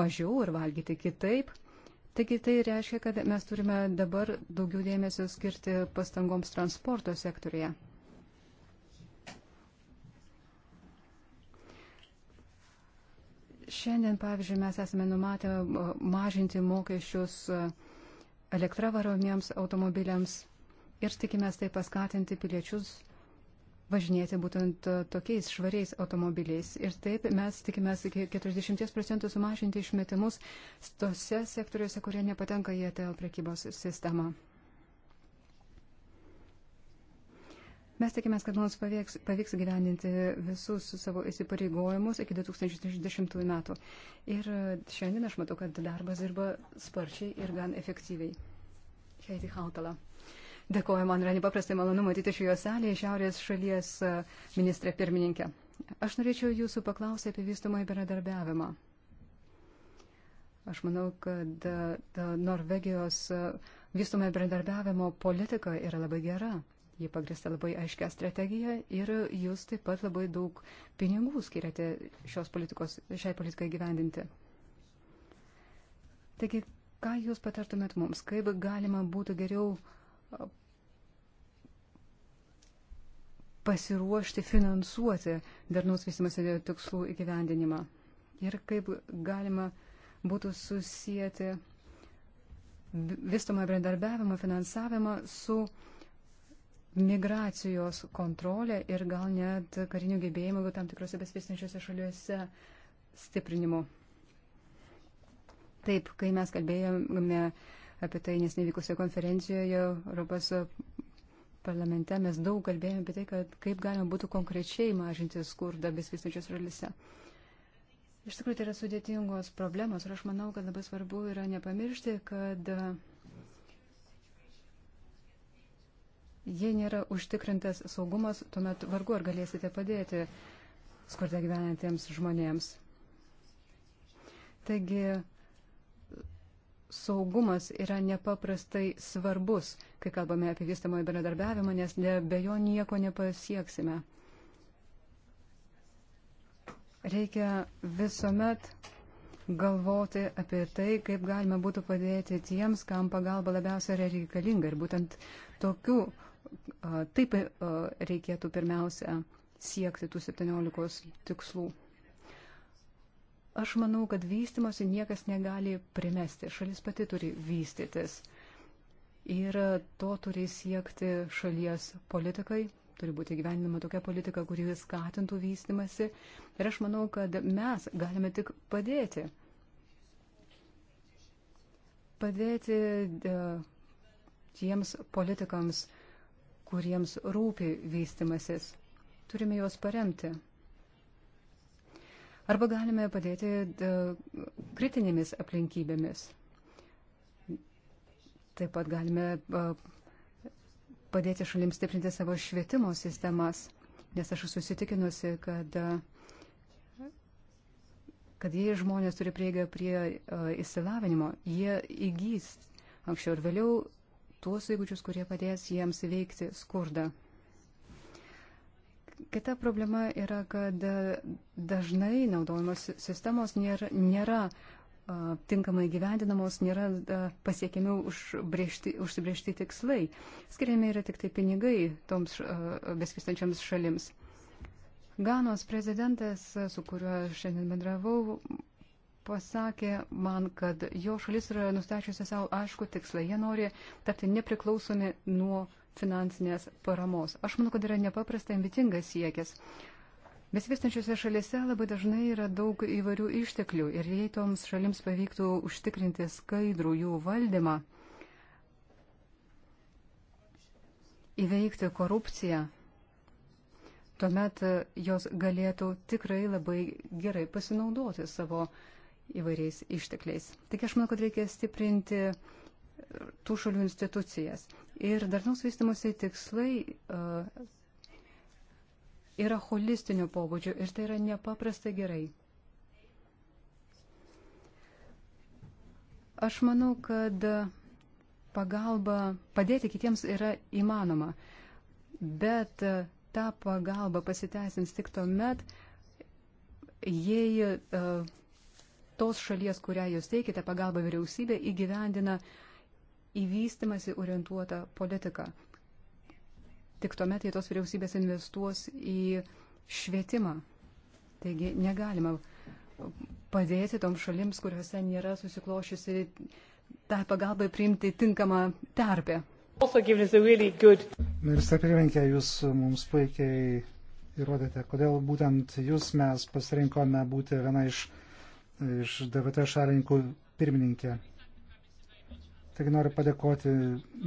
mažiau ir valgyti kitaip. Taigi tai reiškia, kad mes turime dabar daugiau dėmesio skirti pastangoms transporto sektorėje. Šiandien, pavyzdžiui, mes esame numatę uh, mažinti mokesčius uh, elektra varomiems automobiliams ir tikimės tai paskatinti piliečius važinėti būtent uh, tokiais švariais automobiliais. Ir taip mes tikimės iki 40 procentų sumažinti išmetimus tose sektoriuose, kurie nepatenka į ETL prekybos sistemą. Mes tikimės, kad mums pavyks, pavyks gyveninti visus savo įsipareigojimus iki 2030 metų. Ir šiandien aš matau, kad darbas dirba sparčiai ir gan efektyviai. Heidi Hautala. Dėkoju, man yra nepaprastai malonu matyti šioje salėje Šiaurės šalies e, ministrė pirmininkė. Aš norėčiau jūsų paklausyti apie vystomą bendradarbiavimą. Aš manau, kad e, Norvegijos e, vystomojo bendradarbiavimo politika yra labai gera. Ji pagrįsta labai aiškia strategija ir jūs taip pat labai daug pinigų skiriate šios politikos, šiai politikai gyvendinti. Taigi, ką jūs patartumėt mums, kaip galima būtų geriau pasiruošti finansuoti darnaus vystimas tikslų įgyvendinimą ir kaip galima būtų susijęti vystomą bendarbiavimą, finansavimą su uh, migracijos kontrolę ir gal net karinių gebėjimų tam tikrose besivystančiose šaliuose stiprinimu. Taip, kai mes kalbėjome apie tai nesnevykusioje konferencijoje Europos parlamente, mes daug kalbėjome apie tai, kad kaip galima būtų konkrečiai mažinti skurdą besivystančios šalyse. Iš tikrųjų, tai yra sudėtingos problemos ir aš manau, kad labai svarbu yra nepamiršti, kad uh, Jei nėra užtikrintas saugumas, tuomet vargu ar galėsite padėti skurde gyvenantiems žmonėms. Taigi saugumas yra nepaprastai svarbus, kai kalbame apie vystamojo bendradarbiavimą, nes be jo nieko nepasieksime. Reikia visuomet galvoti apie tai, kaip galima būtų padėti tiems, kam pagalba labiausiai yra reikalinga. Ir būtent tokių Taip reikėtų pirmiausia siekti tų 17 tikslų. Aš manau, kad vystimosi niekas negali primesti. Šalis pati turi vystytis. Ir to turi siekti šalies politikai. Turi būti gyvenima tokia politika, kuri skatintų vystimasi. Ir aš manau, kad mes galime tik padėti. Padėti e, tiems politikams, uh, kuriems rūpi vystimasis. Turime juos paremti. Arba galime padėti e, kritinėmis aplinkybėmis. Taip pat galime e, padėti šalims stiprinti savo švietimo sistemas, nes aš susitikinusi, kad, e, kad jei žmonės turi prieigą prie įsilavinimo, jie įgys anksčiau ir vėliau tuos įgūdžius, kurie padės jiems įveikti skurdą. Kita problema yra, kad dažnai naudojamos sistemos nėra, nėra tinkamai gyvendinamos, nėra pasiekiami užsibriežti tikslai. Skiriami yra tik tai pinigai toms beskristančiams šalims. Ganos prezidentas, su kuriuo šiandien bendravau, pasakė man, kad jo šalis yra nustačiusi savo aišku tikslą. Jie nori tapti nepriklausomi nuo finansinės paramos. Aš manau, kad yra nepaprastai ambicingas siekis. Besivystančiose šalise labai dažnai yra daug įvairių išteklių ir jei toms šalims pavyktų užtikrinti skaidrų jų valdymą, įveikti korupciją, tuomet jos galėtų tikrai labai gerai pasinaudoti savo uh, įvairiais ištekliais. Tik aš manau, kad reikia stiprinti tų šalių institucijas. Ir darnaus vystimosi tikslai uh, yra holistinio pobūdžio ir tai yra nepaprastai gerai. Aš manau, kad pagalba padėti kitiems yra įmanoma, bet ta pagalba pasiteisins tik tuomet, jei uh, tos šalies, kurią jūs teikite pagalbą vyriausybė, įgyvendina įvystimasi orientuotą politiką. Tik tuomet jie tos vyriausybės investuos į švietimą. Taigi negalima padėti toms šalims, kuriuose nėra susiklošiusi tą pagalbą priimti tinkamą terpę. Really good... Ministra pirmininkė, jūs mums puikiai įrodėte, kodėl būtent jūs mes pasirinkome būti viena iš iš DVT šalininkų pirmininkė. Taigi noriu padėkoti,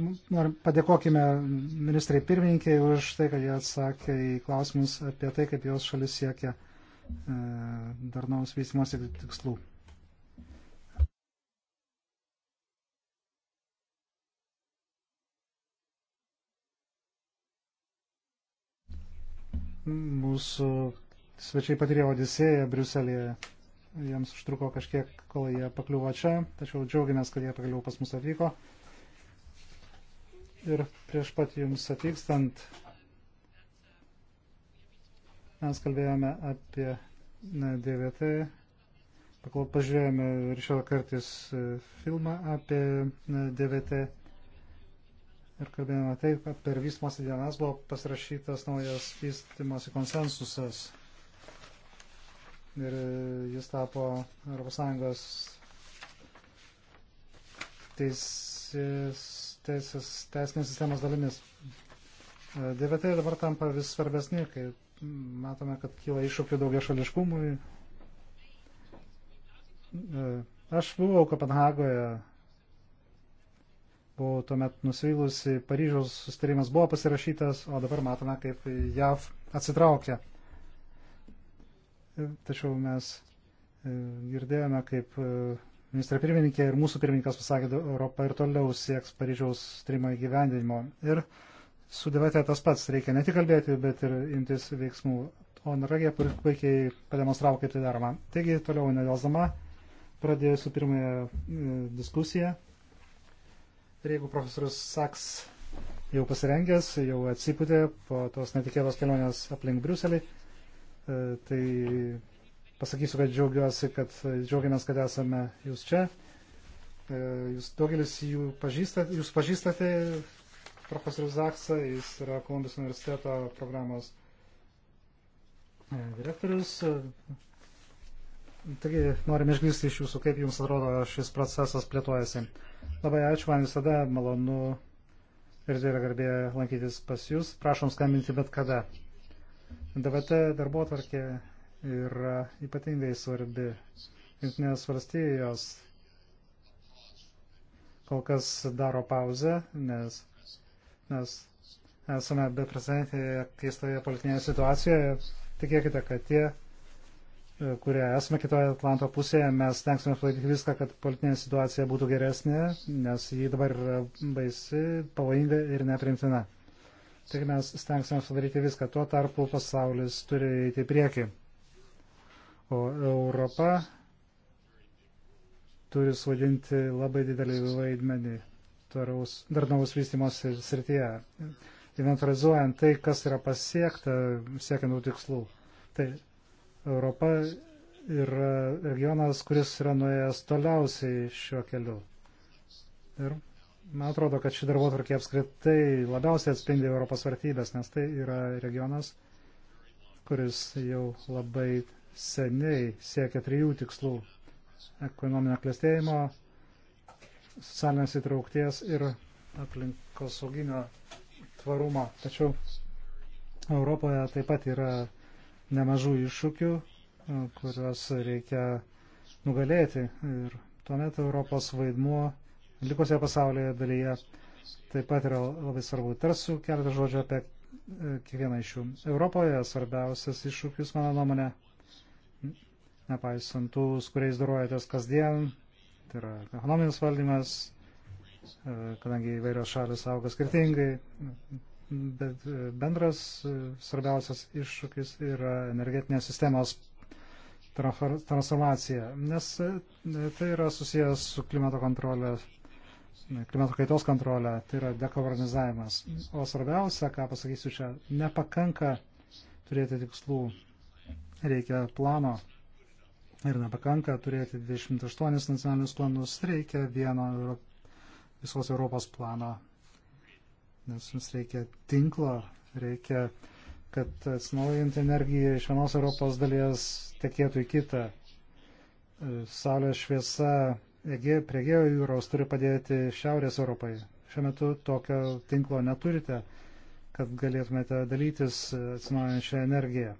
nu, noriu padėkokime ministrai pirmininkiai už tai, kad jie atsakė į klausimus apie tai, kaip jos šalis siekia e, darnaus vystimosi tikslų. Mūsų svečiai patyrė Odisėją Briuselėje jiems užtruko kažkiek, kol jie pakliuvo čia, tačiau džiaugiamės, kad jie pagaliau pas mus atvyko. Ir prieš pat jums atvykstant mes kalbėjome apie DVT, pažiūrėjome ir šio kartais e, filmą apie DVT ir kalbėjome taip, kad per vystymosi dienas buvo pasirašytas naujas vystymosi konsensusas ir jis tapo ES teisės, teisės, teisinės sistemos dalimis. DVT dabar tampa vis svarbesni, kai matome, kad kyla iššūkių daugia šališkumui. Aš buvau Kopenhagoje, buvau tuomet nusivylusi, Paryžiaus sustarimas buvo pasirašytas, o dabar matome, kaip JAV atsitraukia Tačiau mes e, girdėjome, kaip e, ministra pirmininkė ir mūsų pirmininkas pasakė, Europa ir toliau sieks Paryžiaus trimo įgyvendinimo. Ir su debatė tas pats, reikia ne tik kalbėti, bet ir imtis veiksmų. O Norvegija puikiai pademonstravo, kaip tai daroma. Taigi, toliau nedelsdama, pradėsiu pirmąją e, diskusiją. Ir jeigu profesorius Saks jau pasirengęs, jau atsipūtė po tos netikėtos kelionės aplink Briuselį, E, tai pasakysiu, kad džiaugiuosi, kad džiaugiamės, kad esame jūs čia. E, jūs daugelis jų pažįstate, jūs pažįstate profesorius Zaksa, jis yra Kolumbijos universiteto programos e, direktorius. Taigi norime išgirsti iš jūsų, kaip jums atrodo šis procesas plėtojasi. Labai ačiū, man visada malonu ir didelė garbė lankytis pas jūs. Prašom skambinti bet kada. DVT darbotvarkė yra ypatingai svarbi. Junktinės valstijos kol kas daro pauzę, nes mes esame beprecedentėje keistoje politinėje situacijoje. Tikėkite, kad tie, kurie esame kitoje Atlanto pusėje, mes tenksime palaikyti viską, kad politinė situacija būtų geresnė, nes ji dabar yra baisi, pavojinga ir neprimtina. Tai mes stengsime sudaryti viską. Tuo tarpu pasaulis turi eiti į priekį. O Europa turi suvaidinti labai didelį vaidmenį darnaus vystimos srityje, inventorizuojant tai, kas yra pasiekta, siekiant tų tikslų. Tai Europa yra regionas, kuris yra nuėjęs toliausiai šiuo keliu. Ir Man atrodo, kad ši darbo tvarkė apskritai labiausiai atspindi Europos vertybės, nes tai yra regionas, kuris jau labai seniai siekia trijų tikslų - ekonominio klėstėjimo, socialinės įtraukties ir aplinkosauginio tvarumo. Tačiau Europoje taip pat yra nemažų iššūkių, kuriuos reikia nugalėti. Ir tuomet Europos vaidmuo likusioje pasaulyje dalyje taip pat yra labai svarbu. Tarsiu keletą žodžių apie e, kiekvieną iš jų. Europoje svarbiausias iššūkis, mano nuomonė, nepaisant tų, su kuriais darojatės kasdien, tai yra ekonominis valdymas, e, kadangi įvairios šalis auga skirtingai, bet e, bendras svarbiausias iššūkis yra energetinės sistemos transformacija, nes tai yra susijęs su klimato kontrolės klimato kaitos kontrolę, tai yra dekolonizavimas. O svarbiausia, ką pasakysiu čia, nepakanka turėti tikslų, reikia plano. Ir nepakanka turėti 28 nacionalinius planus, reikia vieno visos Europos plano. Nes mums reikia tinklo, reikia, kad atsinaujinti energiją iš vienos Europos dalies tekėtų į kitą. Saulės šviesa prie Gėjo jūros turi padėti Šiaurės Europai. Šiuo metu tokio tinklo neturite, kad galėtumėte dalytis atsinaujančią energiją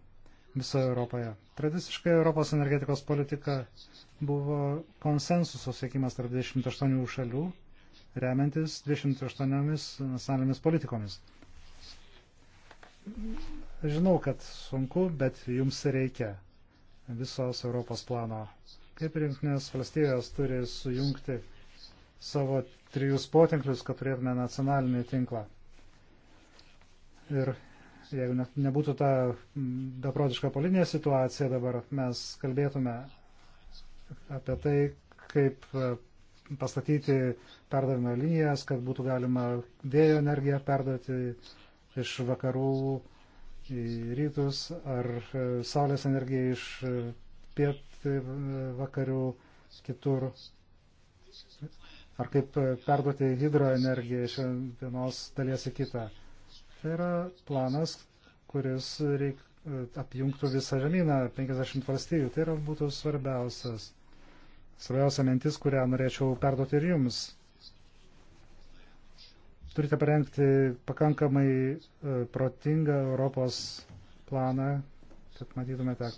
visoje Europoje. Tradiciškai Europos energetikos politika buvo konsensuso siekimas tarp 28 šalių, remiantis 28 nacionalinėmis politikomis. Žinau, kad sunku, bet jums reikia visos Europos plano Kaip ir jungtinės valstijos turi sujungti savo trijus potinklius, kad turėtume nacionalinį tinklą. Ir jeigu ne, nebūtų ta beprotiška politinė situacija dabar, mes kalbėtume apie tai, kaip e, pastatyti perdavimo linijas, kad būtų galima vėjo energiją perduoti iš vakarų į rytus ar e, saulės energiją iš e, piet, išvežti vakarių kitur. Ar kaip e, perduoti hidroenergiją iš vienos dalies į kitą. Tai yra planas, kuris reik, e, apjungtų visą žemyną, 50 valstybių. Tai yra būtų svarbiausias. Svarbiausia mintis, kurią norėčiau perduoti ir jums turite parengti pakankamai e, protingą Europos planą, kad matytumėte,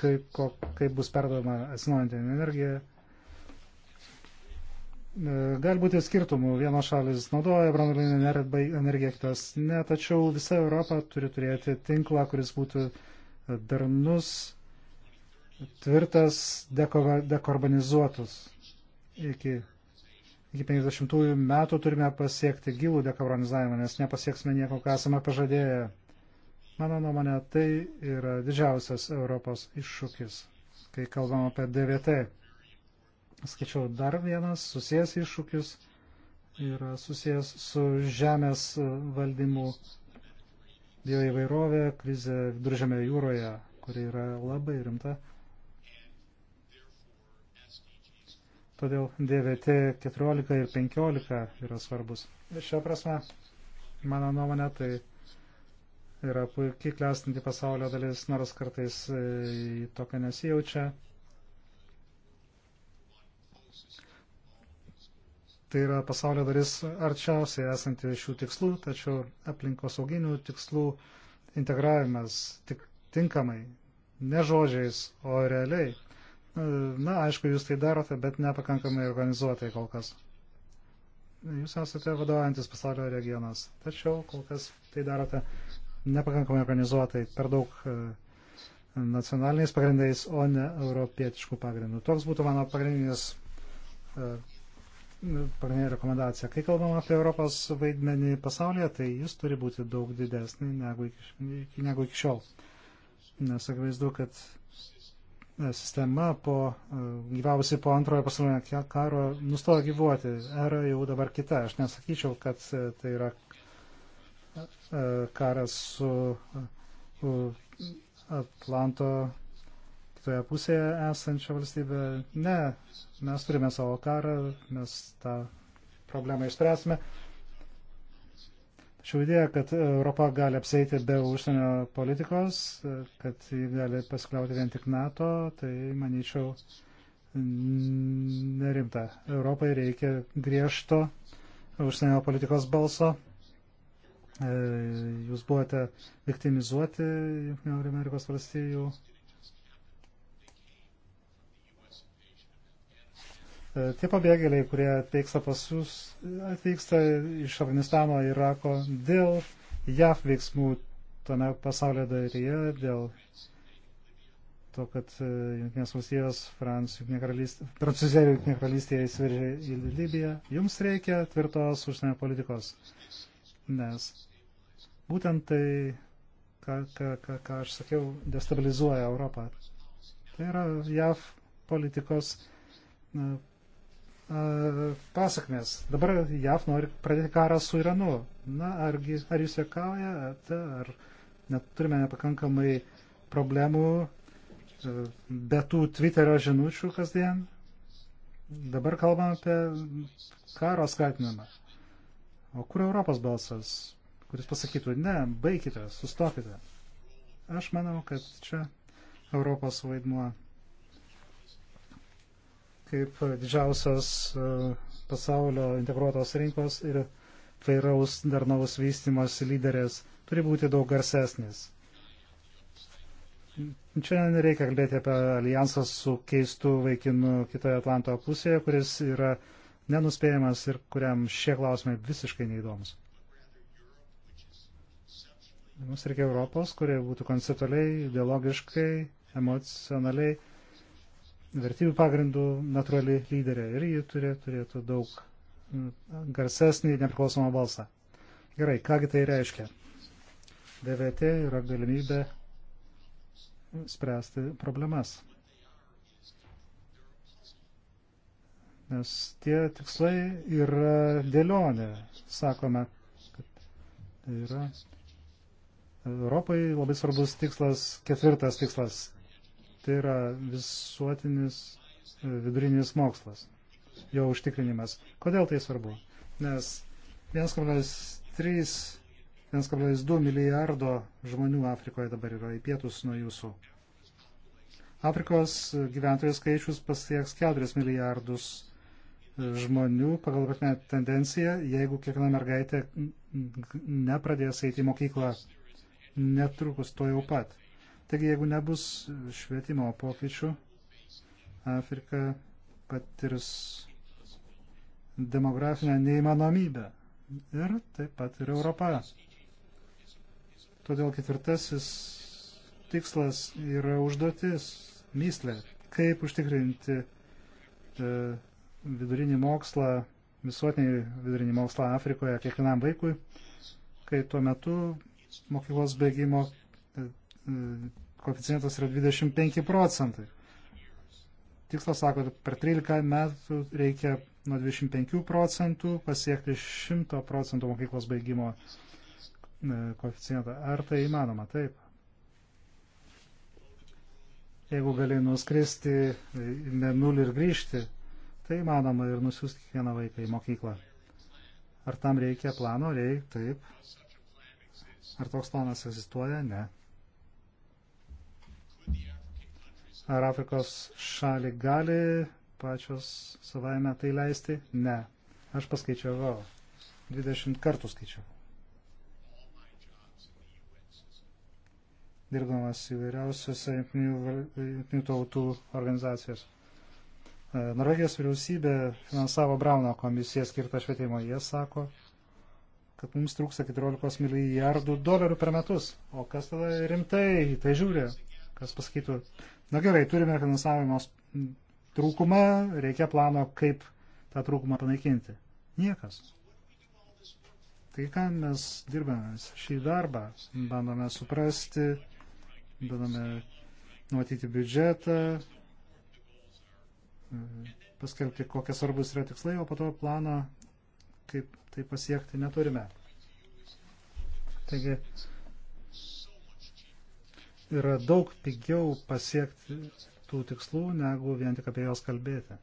kaip, ko, kaip bus perdodama atsinaujantį energiją. E, gali būti skirtumų. Vienos šalis naudoja branduolinį energiją, kitos ne, tačiau visa Europa turi turėti tinklą, kuris būtų darnus, tvirtas, dekarbonizuotus. Iki, iki 50 metų turime pasiekti gilų dekarbonizavimą, nes nepasieksime nieko, ką esame pažadėję. Mano nuomonė, tai yra didžiausias Europos iššūkis, kai kalbam apie DVT. Skaičiau, dar vienas susijęs iššūkis yra susijęs su žemės valdymu bioįvairovė, krizė viduržėme jūroje, kuri yra labai rimta. Todėl DVT 14 ir 15 yra svarbus. Šią prasme, mano nuomonė, tai yra puikiai klestinti pasaulio dalis, nors kartais e, tokia nesijaučia. Tai yra pasaulio dalis arčiausiai esanti šių tikslų, tačiau aplinkosauginių tikslų integravimas tik tinkamai, ne žodžiais, o realiai. E, na, aišku, jūs tai darote, bet nepakankamai organizuotai kol kas. Jūs esate vadovaujantis pasaulio regionas, tačiau kol kas tai darote nepakankamai organizuotai, per daug e, nacionaliniais pagrindais, o ne europietiškų pagrindų. Toks būtų mano pagrindinis e, pagrindinė rekomendacija. Kai kalbam apie Europos vaidmenį pasaulyje, tai jis turi būti daug didesnį negu iki, negu iki šiol. Nes akivaizdu, kad e, sistema po gyvavusi po antrojo pasaulinio karo nustojo gyvuoti. Era jau dabar kita. Aš nesakyčiau, kad tai yra E, karas su e, Atlanto toje pusėje esančia valstybė. Ne, mes turime savo karą, mes tą problemą išspręsime. Tačiau idėja, kad Europa gali apseiti be užsienio politikos, kad ji gali pasikliauti vien tik NATO, tai manyčiau nerimta. Europai reikia griežto užsienio politikos balso. E, jūs buvote viktimizuoti Junktinių Amerikos valstijų. E, tie pabėgėliai, kurie atvyksta pas jūs, atvyksta iš Afganistano, Irako dėl JAV veiksmų tame pasaulio dalyje, dėl to, kad e, Junktinės valstijos, Prancūzija ir Junktinė karalystė įsiveržė į Libiją. Jums reikia tvirtos užsienio politikos, nes Būtent tai, ką, ką, ką, ką aš sakiau, destabilizuoja Europą. Tai yra JAV politikos pasakmės. Dabar JAV nori pradėti karą su Iranu. Na, argi, ar jūs juokauja, ar neturime nepakankamai problemų e, be tų Twitterio žinučių kasdien? Dabar kalbam apie karo skatinimą. O kur Europos balsas? kuris pasakytų, ne, baikite, sustokite. Aš manau, kad čia Europos vaidmuo kaip didžiausios e, pasaulio integruotos rinkos ir vairaus darnaus vystimas lyderės turi būti daug garsesnis. Čia nereikia kalbėti apie alijansą su keistu vaikinu kitoje Atlanto pusėje, kuris yra nenuspėjamas ir kuriam šie klausimai visiškai neįdomus. Mums reikia Europos, kurie būtų konceptualiai, ideologiškai, emocionaliai, vertybių pagrindų natūrali lyderė. Ir ji turė, turėtų daug garsesnį nepriklausomą balsą. Gerai, kągi tai reiškia? DVT yra galimybė spręsti problemas. Nes tie tikslai yra dėlionė, sakome, kad tai yra Europai labai svarbus tikslas, ketvirtas tikslas, tai yra visuotinis e, vidurinis mokslas, jo užtikrinimas. Kodėl tai svarbu? Nes 1,3, 1,2 milijardo žmonių Afrikoje dabar yra į pietus nuo jūsų. Afrikos gyventojų skaičius pasieks 4 milijardus e, žmonių pagal patinę tendenciją, jeigu kiekviena mergaitė nepradės eiti į mokyklą netrukus to jau pat. Taigi, jeigu nebus švietimo pokyčių, Afrika patirs demografinę neįmanomybę ir taip pat ir Europa. Todėl ketvirtasis tikslas yra užduotis, myslė, kaip užtikrinti e, vidurinį mokslą, visuotinį vidurinį mokslą Afrikoje kiekvienam vaikui, kai tuo metu mokyklos baigimo e, e, koeficientas yra 25 procentai. Tikslas sako, kad per 13 metų reikia nuo 25 procentų pasiekti 100 procentų mokyklos baigimo e, koeficientą. Ar tai įmanoma? Taip. Jeigu gali nuskristi į mėnulį ir grįžti, tai įmanoma ir nusiųsti kiekvieną vaiką į mokyklą. Ar tam reikia plano? Reikia, taip. Ar toks planas egzistuoja? Ne. Ar Afrikos šalį gali pačios savaime tai leisti? Ne. Aš paskaičiavau. 20 kartų skaičiavau. dirbdamas įvairiausiose jungtinių tautų organizacijos. E, Norvegijos vyriausybė finansavo Brauno komisiją skirtą švietimo. Jie sako, kad mums trūksta 14 milijardų dolerių per metus. O kas tada rimtai į tai žiūri? Kas pasakytų, na gerai, turime finansavimo trūkumą, reikia plano, kaip tą trūkumą panaikinti. Niekas. Tai ką mes dirbame šį darbą, bandome suprasti, bandome numatyti biudžetą, e, paskelbti, kokie svarbus yra tikslai, o po to planą kaip tai pasiekti neturime. Taigi yra daug pigiau pasiekti tų tikslų, negu vien tik apie juos kalbėti.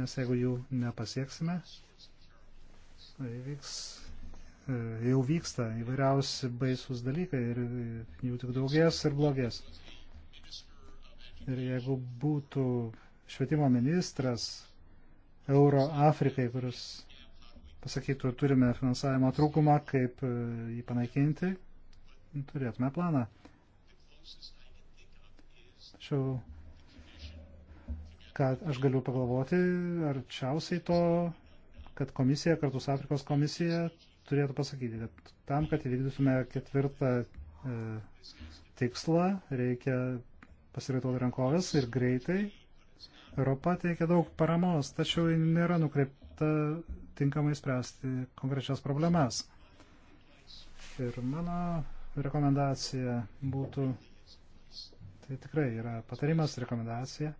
Nes jeigu jų nepasieksime, tai vyks, e, jau vyksta įvairiausi baisus dalykai ir jų tik daugės ir blogės. Ir jeigu būtų švietimo ministras euro Afrikai, kuris pasakytų, turime finansavimo trūkumą, kaip e, jį panaikinti, turėtume planą. Tačiau, ką aš galiu pagalvoti, arčiausiai to, kad komisija kartu su Afrikos komisija turėtų pasakyti, kad tam, kad įvykdytume ketvirtą e, tikslą, reikia pasiraitoti rankovės ir greitai Europa teikia daug paramos, tačiau nėra nukreipta tinkamai spręsti konkrečias problemas. Ir mano rekomendacija būtų, tai tikrai yra patarimas rekomendacija,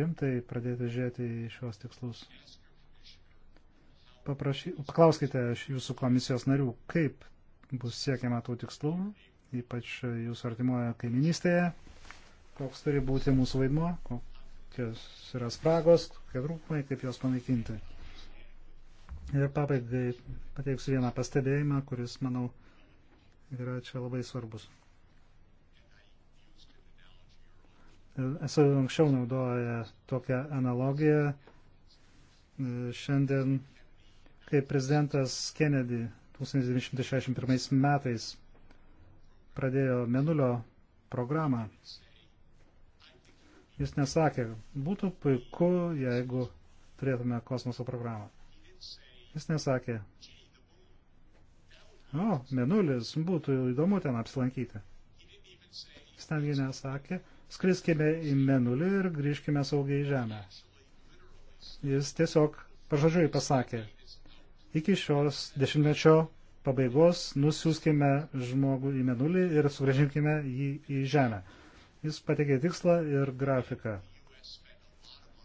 rimtai pradėti žiūrėti į šios tikslus. Paprašy, paklauskite jūsų komisijos narių, kaip bus siekiama tų tikslų, ypač jūsų artimoje kaiminystėje koks turi būti mūsų vaidmuo, kokios yra spragos, kokie trūkumai, kaip juos panaikinti. Ir pabaigai pateiksiu vieną pastebėjimą, kuris, manau, yra čia labai svarbus. Esu anksčiau naudoję tokią analogiją. E, šiandien, kai prezidentas Kennedy 1961 metais pradėjo Menulio programą, Jis nesakė, būtų puiku, jeigu turėtume kosmoso programą. Jis nesakė, o, menulis, būtų įdomu ten apsilankyti. Jis ten jį nesakė, skriskime į menulį ir grįžkime saugiai į žemę. Jis tiesiog pažodžiui pasakė, iki šios dešimtmečio pabaigos nusiųskime žmogų į menulį ir sugrąžinkime jį į žemę. Jis pateikė tikslą ir grafiką.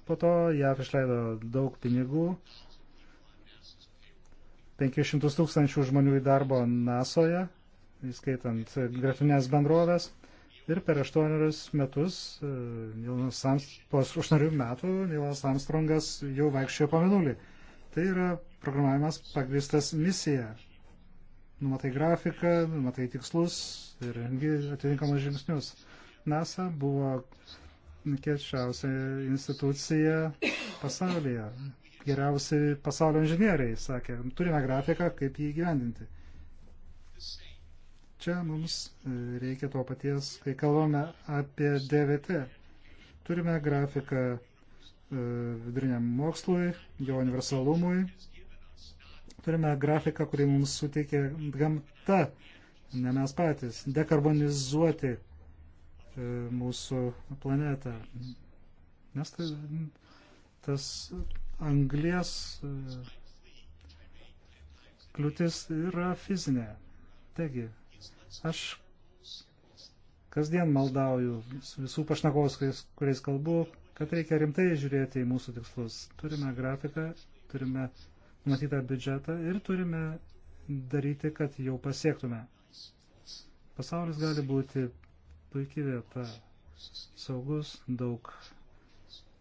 Po to JAV išleido daug pinigų, 500 tūkstančių žmonių į darbo NASOje, įskaitant grafinės bendrovės. Ir per aštuonerius metus, e, po aštuonerių metų, Nilas Armstrongas jau vaikščiojo po minulį. Tai yra programavimas pagristas misija. Numatai grafiką, numatai tikslus ir atitinkamus žingsnius. NASA buvo kiečiausia institucija pasaulyje. Geriausi pasaulio inžinieriai sakė, turime grafiką, kaip jį gyvendinti. Čia mums e, reikia to paties, kai kalbame apie DVT. Turime grafiką e, viduriniam mokslui, jo universalumui. Turime grafiką, kurį mums suteikė gamta, ne mes patys, dekarbonizuoti E, mūsų planetą. Nes tai, tas anglės e, kliūtis yra fizinė. Taigi, aš kasdien maldauju visų pašnakovus, kuriais, kuriais kalbu, kad reikia rimtai žiūrėti į mūsų tikslus. Turime grafiką, turime numatytą biudžetą ir turime daryti, kad jau pasiektume. Pasaulis gali būti puikia vieta. Saugus, daug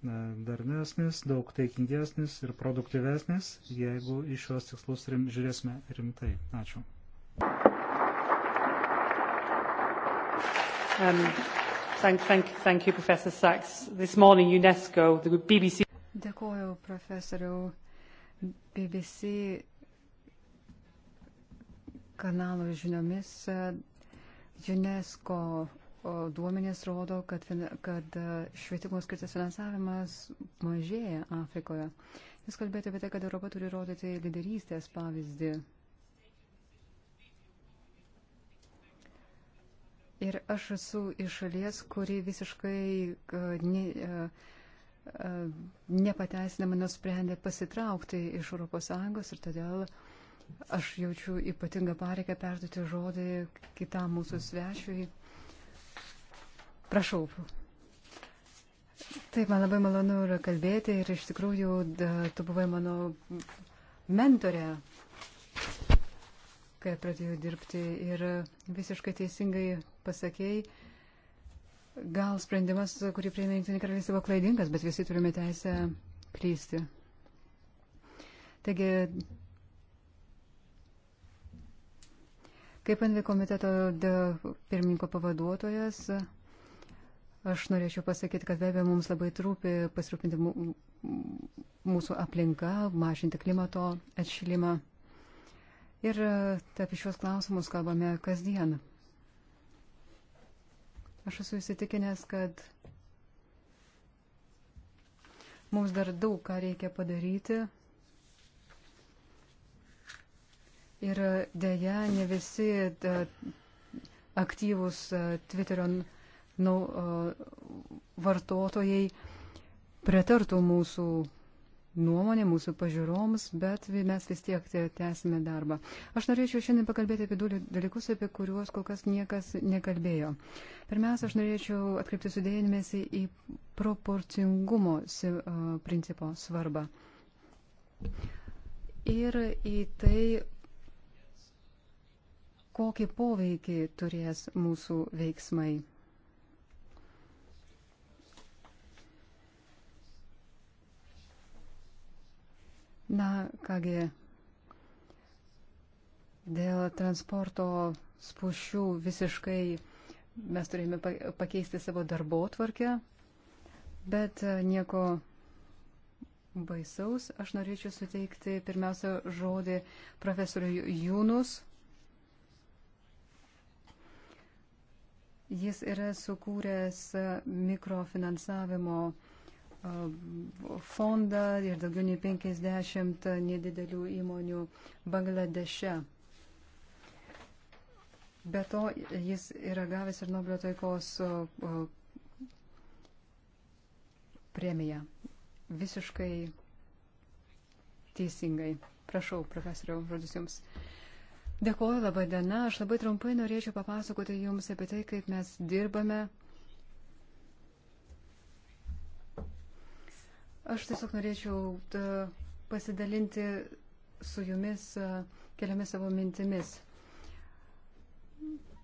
darnesnis, daug teikingesnis ir produktyvesnis, jeigu į šios tikslus rim, žiūrėsime rimtai. Ačiū. Um, thank, thank, thank you, Professor Sachs. This morning, UNESCO, the BBC. Dėkuoju, profesoriau. BBC kanalo žiniomis uh, UNESCO duomenys rodo, kad, kad e, švietimo skirtas finansavimas mažėja Afrikoje. Jūs kalbėjote apie tai, kad Europa turi rodyti lyderystės pavyzdį. Ir aš esu iš šalies, kuri visiškai e, ne, e, nepateisinama nusprendė pasitraukti iš ES ir todėl aš jaučiu ypatingą pareigą perduoti žodį kitam mūsų svečiui. Prašau. Taip, man labai malonu yra kalbėti ir iš tikrųjų tu buvai mano mentorė, kai pradėjau dirbti ir visiškai teisingai pasakėjai, gal sprendimas, kurį prieina Jungtinė karalystė, buvo klaidingas, bet visi turime teisę klysti. Taigi, kaip NV komiteto pirmininko pavaduotojas, Aš norėčiau pasakyti, kad be abejo mums labai trūpi pasirūpinti mūsų aplinką, mažinti klimato atšilimą. Ir e, tai apie šios klausimus kalbame kasdien. Aš esu įsitikinęs, kad mums dar daug ką reikia padaryti. Ir e, dėja, ne visi e, aktyvūs Twitter'o nu, vartotojai pritartų mūsų nuomonė, mūsų pažiūroms, bet mes vis tiek tęsime darbą. Aš norėčiau šiandien pakalbėti apie du dalykus, apie kuriuos kol kas niekas nekalbėjo. Pirmiausia, aš norėčiau atkreipti sudėjimmėsi į proporcingumo principo svarbą. Ir į tai, kokį poveikį turės mūsų veiksmai. Na, kągi, dėl transporto spušių visiškai mes turėjome pakeisti savo darbo tvarkę, bet e, nieko baisaus. Aš norėčiau suteikti pirmiausia žodį profesoriui Jūnus. Jis yra sukūręs e, mikrofinansavimo uh, fondą ir daugiau nei 50 nedidelių įmonių Bangladeše. Be to, jis yra gavęs ir Nobelio taikos premiją. Visiškai teisingai. Prašau, profesoriau, žodis jums. Dėkuoju, laba diena. Aš labai trumpai norėčiau papasakoti jums apie tai, kaip mes dirbame Aš tiesiog norėčiau e, pasidalinti su jumis e, keliomis savo mintimis.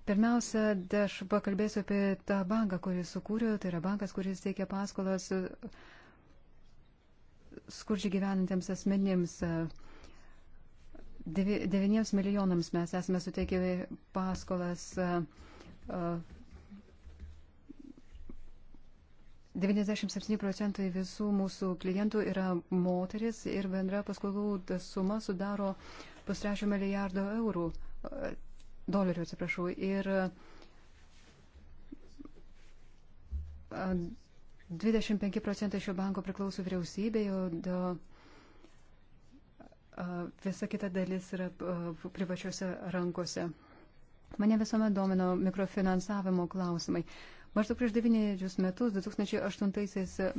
Pirmiausia, aš pakalbėsiu apie tą banką, kurį sukūriau. Tai yra bankas, kuris teikia paskolas e, skurdžiai gyvenantiems asmenims. 9 milijonams mes esame suteikę paskolas 97 procentai visų mūsų klientų yra moteris ir bendra paskolų suma sudaro pustrečio milijardo eurų, e, dolerių atsiprašau. Ir 25 e, procentai šio banko priklauso vyriausybėje, o e, visa kita dalis yra privačiose rankose. Mane visuomet domino mikrofinansavimo klausimai. Maždaug prieš devynerius metus, 2008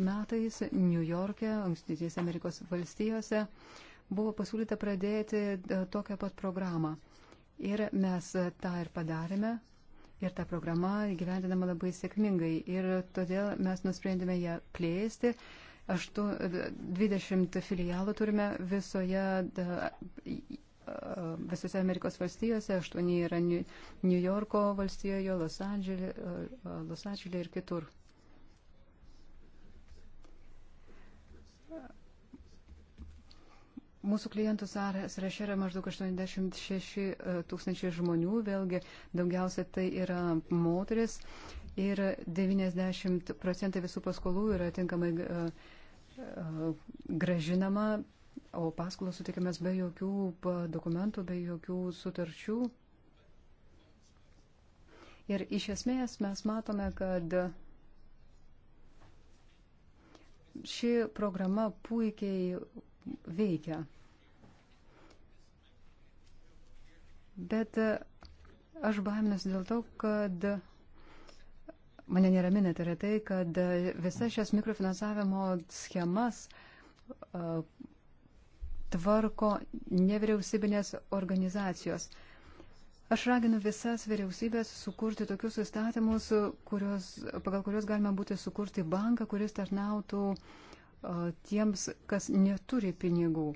metais, New York'e, Junktinėse Amerikos valstijose, buvo pasiūlyta pradėti e, tokią pat programą. Ir mes tą ir padarėme. Ir ta programa gyvendinama labai sėkmingai. Ir todėl mes nusprendėme ją plėsti. Aštu, 20 filialų turime visoje visose Amerikos valstijose, aštuoni yra New Yorko valstijoje, Los Andželė, e, e, Los Andželė ir kitur. Mūsų klientų sąraše yra maždaug 86 e, tūkstančiai žmonių, vėlgi daugiausia tai yra moteris ir 90 procentai visų paskolų yra tinkamai gražinama o paskolos sutikiamas be jokių dokumentų, be jokių sutarčių. Ir iš esmės mes matome, kad ši programa puikiai veikia. Bet aš baiminuosi dėl to, kad mane neramina tai yra tai, kad visas šias mikrofinansavimo schemas tvarko nevyriausybinės organizacijos. Aš raginu visas vyriausybės sukurti tokius įstatymus, kurios, pagal kurios galima būtų sukurti banką, kuris tarnautų uh, tiems, kas neturi pinigų.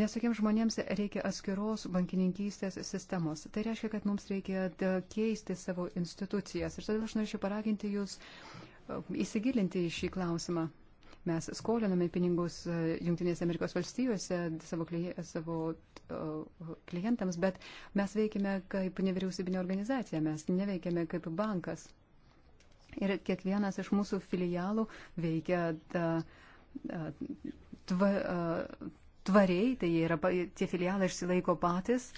Nes tokiems žmonėms reikia atskiros bankininkystės sistemos. Tai reiškia, kad mums reikia keisti savo institucijas. Ir todėl aš norėčiau paraginti jūs įsigilinti į šį klausimą. Mes skoliname pinigus e, Junktinėse Amerikos valstijose savo, klij, savo uh, klientams, bet mes veikiame kaip nevyriausybinė organizacija, mes neveikiame kaip bankas. Ir kiekvienas iš mūsų filialų veikia ta, e, tva, tvariai, tai yra, tie filialai išsilaiko patys.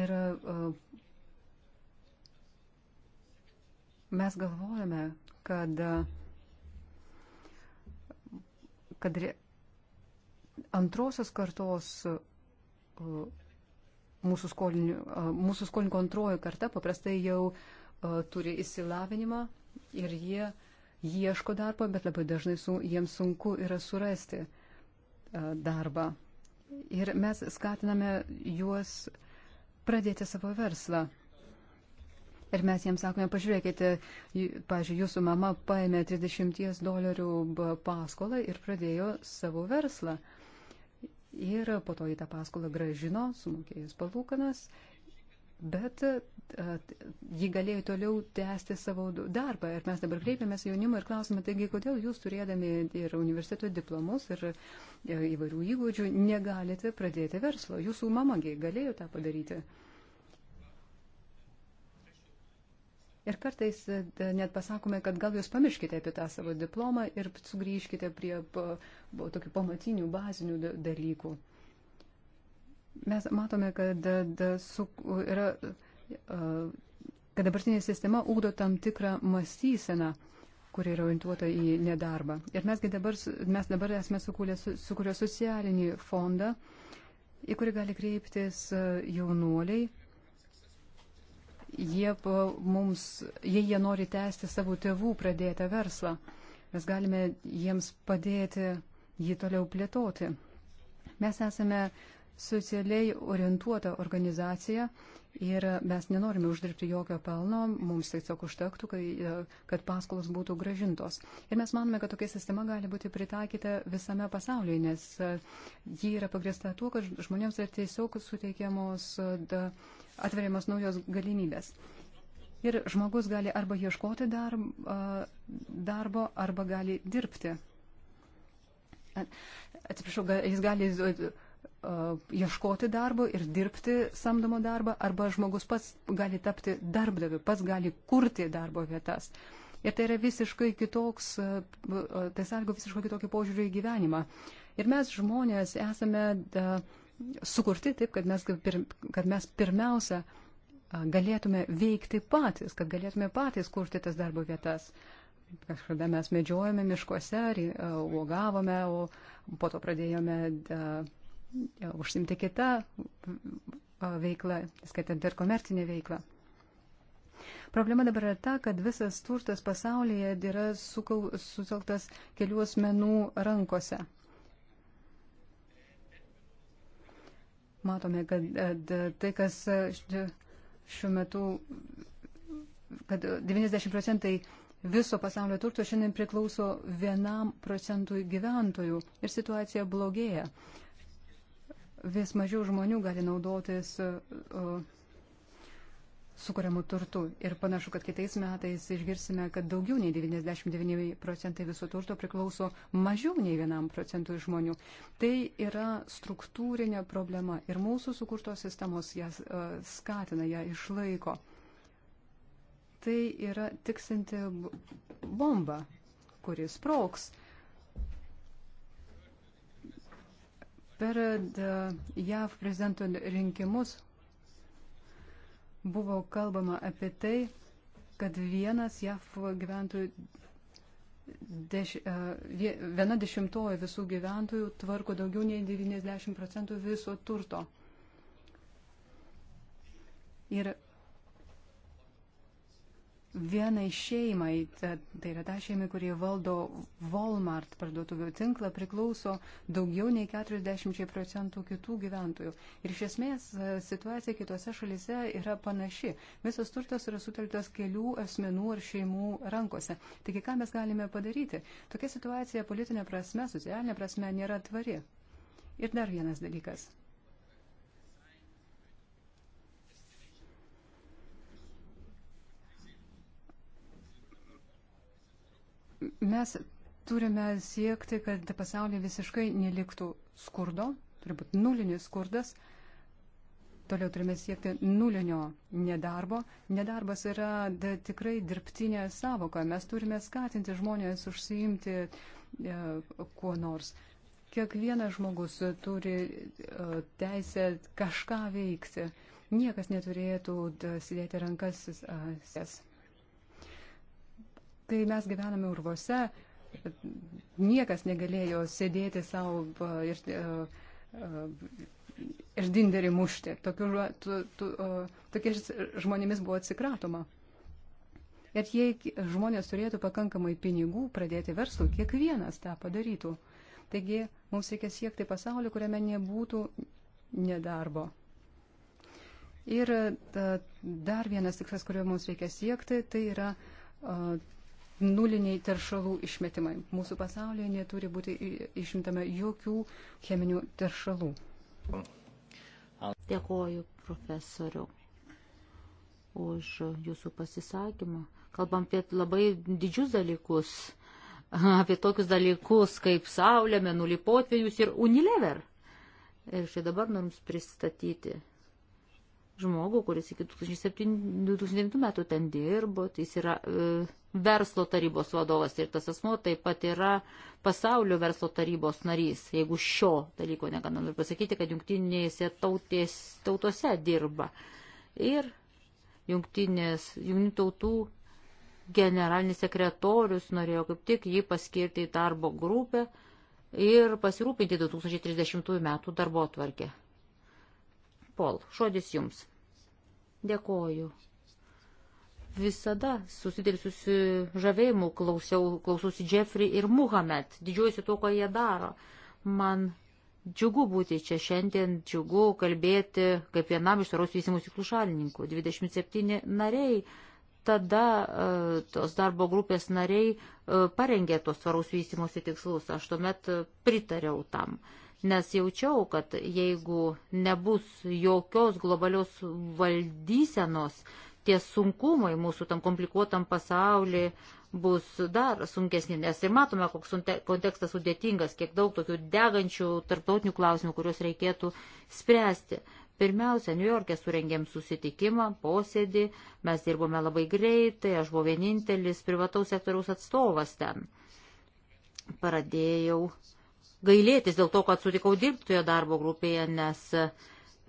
Ir uh, Mes galvojame, kad, kad antrosios kartos mūsų, skolinių, mūsų skolininkų antroji karta paprastai jau turi įsilavinimą ir jie ieško darbo, bet labai dažnai su, jiems sunku yra surasti darbą. Ir mes skatiname juos pradėti savo verslą. Ir mes jiems sakome, pažiūrėkite, pažiūrėjau, jūsų mama paėmė 30 dolerių paskolą ir pradėjo savo verslą. Ir po to į tą paskolą gražino, sumokėjus palūkanas, bet ji galėjo toliau tęsti savo darbą. Ir mes dabar kreipiamės jaunimą ir klausime, taigi, kodėl jūs turėdami ir universiteto diplomus, ir e, įvairių įgūdžių negalite pradėti verslo? Jūsų mamagi galėjo tą padaryti. Ir kartais e, net pasakome, kad gal jūs pamirškite apie tą savo diplomą ir sugrįžkite prie tokių pamatinių, bazinių dalykų. Mes matome, kad, su, yra, e, kad dabartinė sistema ūkdo tam tikrą mąstyseną kuri yra orientuota į nedarbą. Ir mesgi dabar, mes dabar esame sukūrę, sukūrę socialinį fondą, į kurį gali kreiptis e, jaunuoliai, jie, mums, jei jie nori tęsti savo tėvų pradėtą verslą, mes galime jiems padėti jį toliau plėtoti. Mes esame socialiai orientuota organizacija Ir mes nenorime uždirbti jokio pelno, mums tiesiog užtektų, kai, e, kad paskolos būtų gražintos. Ir mes manome, kad tokia sistema gali būti pritaikyta visame pasaulyje, nes e, ji yra pagrįsta tuo, kad žmonėms yra tiesiog suteikiamos, e, atveriamas naujos galimybės. Ir žmogus gali arba ieškoti darbo, arba gali dirbti. Atsiprašau, jis gali ieškoti darbo ir dirbti samdomo darbą, arba žmogus pats gali tapti darbdaviu, pats gali kurti darbo vietas. Ir tai yra visiškai kitoks, tai sąlygo visiškai kitokį požiūrį į gyvenimą. Ir mes žmonės esame da, sukurti taip, kad mes, kad mes pirmiausia galėtume veikti patys, kad galėtume patys kurti tas darbo vietas kažkada mes medžiojame miškuose, uogavome, o po to pradėjome užsimti kitą veiklą, skaitant ir komercinę veiklą. Problema dabar yra ta, kad visas turtas pasaulyje yra sutelktas kelių asmenų rankose. Matome, kad tai, kas šiuo metu, kad 90 procentai viso pasaulio turto šiandien priklauso vienam procentui gyventojų ir situacija blogėja vis mažiau žmonių gali naudotis e, e, sukūriamų turtų. Ir panašu, kad kitais metais išgirsime, kad daugiau nei 99 procentai viso turto priklauso mažiau nei 1 procentui žmonių. Tai yra struktūrinė problema ir mūsų sukurtos sistemos ją e, skatina, ją išlaiko. Tai yra tiksinti bomba, kuris sproks. Uh, Per e, JAV prezidento rinkimus buvo kalbama apie tai, kad vienas JAV gyventojų, deš, e, viena dešimtoji visų gyventojų tvarko daugiau nei 90 procentų viso turto. Ir vienai šeimai, tai yra ta šeima, kurie valdo Walmart parduotuvių tinklą, priklauso daugiau nei 40 procentų kitų gyventojų. Ir iš esmės e, situacija kitose šalise yra panaši. Visas turtas yra sutelktas kelių asmenų ar šeimų rankose. Taigi ką mes galime padaryti? Tokia situacija politinė prasme, socialinė prasme nėra tvari. Ir dar vienas dalykas. Mes turime siekti, kad pasaulyje visiškai neliktų skurdo, turi būti nulinis skurdas. Toliau turime siekti nulinio nedarbo. Nedarbas yra da, tikrai dirbtinė savoka. Mes turime skatinti žmonės užsiimti e, kuo nors. Kiekvienas žmogus turi e, teisę kažką veikti. Niekas neturėtų da, sėdėti rankas. E, kai mes gyvename urvuose, niekas negalėjo sėdėti savo ir, ir e, e, dinderį mušti. Tokiu, tu, tu, tokiais žmonėmis buvo atsikratoma. Ir jei žmonės turėtų pakankamai pinigų pradėti verslų, kiekvienas tą padarytų. Taigi mums reikia siekti pasaulio, kuriame nebūtų nedarbo. Ir ta, e, dar vienas tikslas, kurio mums reikia siekti, tai yra uh, nuliniai teršalų išmetimai. Mūsų pasaulyje neturi būti išimtama jokių cheminių teršalų. Dėkoju profesoriu už jūsų pasisakymą. Kalbam apie labai didžius dalykus, [LAUGHS] apie tokius dalykus kaip Saulė, Menulį potvėjus ir Unilever. Ir štai dabar norims pristatyti žmogų, kuris iki 2007, 2009 metų ten dirbo, tai jis yra e, verslo tarybos vadovas ir tas asmo taip pat yra pasaulio verslo tarybos narys, jeigu šio dalyko negana noriu pasakyti, kad jungtinėse tautės, tautose dirba. Ir jungtinės, jungtinių tautų generalinis sekretorius norėjo kaip tik jį paskirti į darbo grupę ir pasirūpinti 2030 metų darbo tvarkę. Pol, žodis jums. Dėkoju. Visada susidėlsiu žavėjimu klausiau, klaususi Jeffrey ir Muhammad. Didžiuojuosi tuo, ko jie daro. Man džiugu būti čia šiandien, džiugu kalbėti kaip vienam iš taros vysimų ciklų šalininkų. 27 nariai tada e, tos darbo grupės nariai e, parengė tos tvarus vystimosi tikslus. Aš tuomet e, pritariau tam nes jaučiau, kad jeigu nebus jokios globalios valdysenos, tie sunkumai mūsų tam komplikuotam pasaulyje bus dar sunkesni, nes ir matome, koks kontekstas sudėtingas, kiek daug tokių degančių tarptautinių klausimų, kuriuos reikėtų spręsti. Pirmiausia, New York'e surengėm susitikimą, posėdį, mes dirbome labai greitai, aš buvau vienintelis privataus sektoriaus atstovas ten. Pradėjau uh, gailėtis dėl to, kad sutikau dirbti toje darbo grupėje, nes e,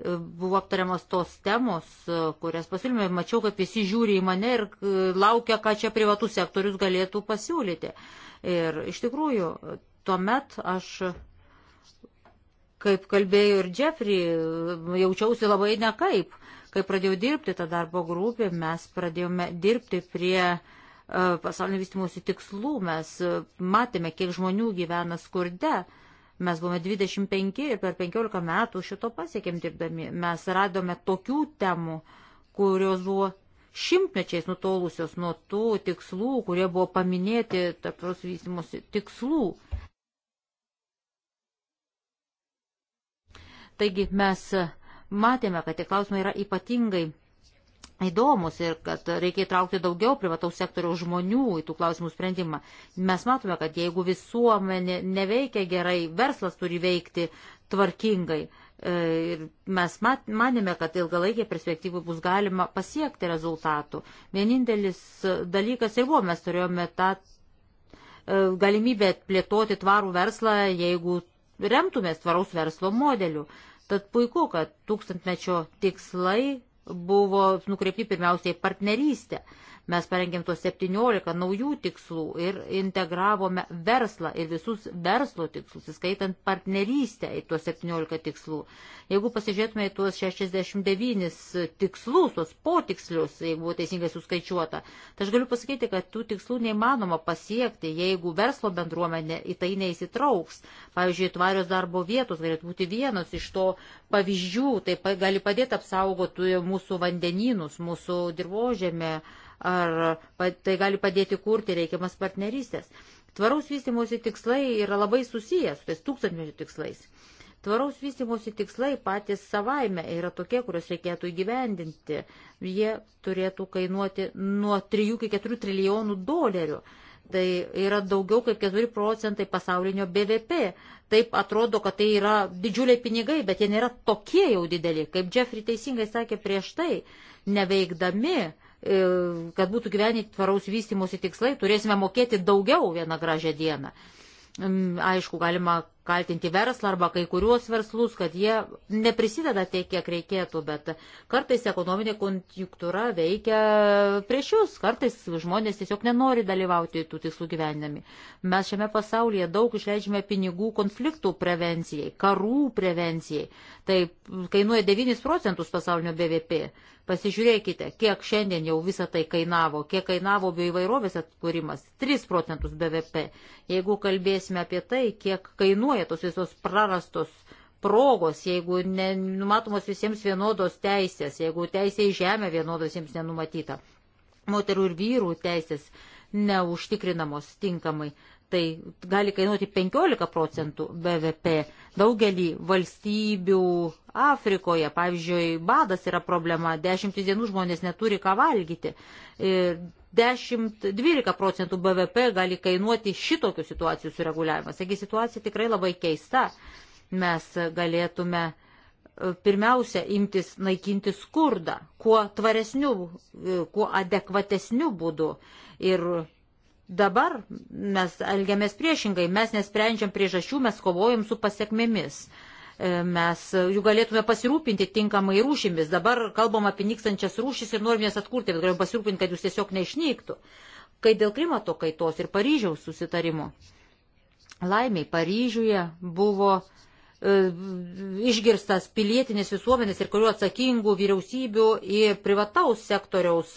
buvo aptariamos tos temos, e, kurias pasiūlymai, mačiau, kad visi žiūri į mane ir e, laukia, ką čia privatus sektorius galėtų pasiūlyti. Ir iš tikrųjų, tuomet aš, kaip kalbėjo ir Jeffrey, jaučiausi labai nekaip. Kai pradėjau dirbti tą darbo grupę, mes pradėjome dirbti prie uh, pasaulinio vystimosi tikslų. Mes e, matėme, kiek žmonių gyvena skurde. Mes buvome 25 ir per 15 metų šito pasiekėm dirbdami. Mes radome tokių temų, kurios buvo šimtmečiais nutolusios nuo tų tikslų, kurie buvo paminėti tarptautos vystimosi tikslų. Taigi mes e, matėme, kad tie klausimai yra ypatingai įdomus ir kad reikia įtraukti daugiau privataus sektoriaus žmonių į tų klausimų sprendimą. Mes matome, kad jeigu visuomenė neveikia gerai, verslas turi veikti tvarkingai. E, ir mes mat, manėme, kad ilgalaikė perspektyva bus galima pasiekti rezultatų. Vienintelis dalykas ir buvo, mes turėjome tą e, galimybę plėtoti tvarų verslą, jeigu remtumės tvaraus verslo modeliu. Tad puiku, kad tūkstantmečio tikslai buvo nukreipti pirmiausiai partnerystę. Mes parengėm tuos 17 naujų tikslų ir integravome verslą ir visus verslo tikslus, įskaitant partnerystę į tuos 17 tikslų. Jeigu pasižiūrėtume į tuos 69 tikslus, tuos potikslius, jeigu buvo teisingai suskaičiuota, tai aš galiu pasakyti, kad tų tikslų neįmanoma pasiekti, jeigu verslo bendruomenė į tai neįsitrauks. Pavyzdžiui, tvarios darbo vietos galėtų būti vienas iš to pavyzdžių, tai gali padėti apsaugoti mūsų vandenynus, mūsų dirbožėmę, ar tai gali padėti kurti reikiamas partnerystės. Tvaraus vystimosi tikslai yra labai susijęs su tais tūkstantmečių tikslais. Tvaraus vystimosi tikslai patys savaime yra tokie, kuriuos reikėtų įgyvendinti. Jie turėtų kainuoti nuo 3 iki 4 trilijonų dolerių. Tai yra daugiau kaip 4 procentai pasaulinio BVP. Taip atrodo, kad tai yra didžiuliai pinigai, bet jie nėra tokie jau dideli. Kaip Jeffrey teisingai sakė prieš tai, neveikdami E, kad būtų gyveninti tvaraus vystimosi tikslai, turėsime mokėti daugiau vieną gražią dieną. Mm, aišku, galima kaltinti verslą arba kai kuriuos verslus, kad jie neprisideda tiek, kiek reikėtų, bet kartais ekonominė konjunktūra veikia prieš jūs, kartais žmonės tiesiog nenori dalyvauti tų tikslų gyvenami. Mes šiame pasaulyje daug išleidžiame pinigų konfliktų prevencijai, karų prevencijai. Tai kainuoja 9 procentus pasaulinio BVP. Pasižiūrėkite, kiek šiandien jau visą tai kainavo, kiek kainavo bioįvairovės atkūrimas - 3 procentus BVP. Jeigu kalbėsime apie tai, kiek kainuoja, kainuoja tos visos prarastos progos, jeigu nenumatomos visiems vienodos teisės, jeigu teisė į žemę vienodos jiems nenumatyta. Moterų ir vyrų teisės neužtikrinamos tinkamai tai gali kainuoti 15 procentų BVP. Daugelį valstybių Afrikoje, pavyzdžiui, badas yra problema, 10 dienų žmonės neturi ką valgyti. 10-12 procentų BVP gali kainuoti šitokių situacijų sureguliavimas. Taigi situacija tikrai labai keista. Mes galėtume e, pirmiausia imtis naikinti skurdą, kuo tvaresniu, e, kuo adekvatesniu būdu. Ir Dabar mes elgiamės priešingai, mes nesprendžiam priežasčių, mes kovojam su pasiekmėmis. E, mes e, jų galėtume pasirūpinti tinkamai rūšimis. Dabar kalbam apie nykstančias rūšis ir norim jas atkurti, bet galim pasirūpinti, kad jūs tiesiog neišnyktų. Kai dėl klimato kaitos ir Paryžiaus susitarimo. Laimiai Paryžiuje buvo e, išgirstas pilietinės visuomenės ir kurių atsakingų vyriausybių ir privataus sektoriaus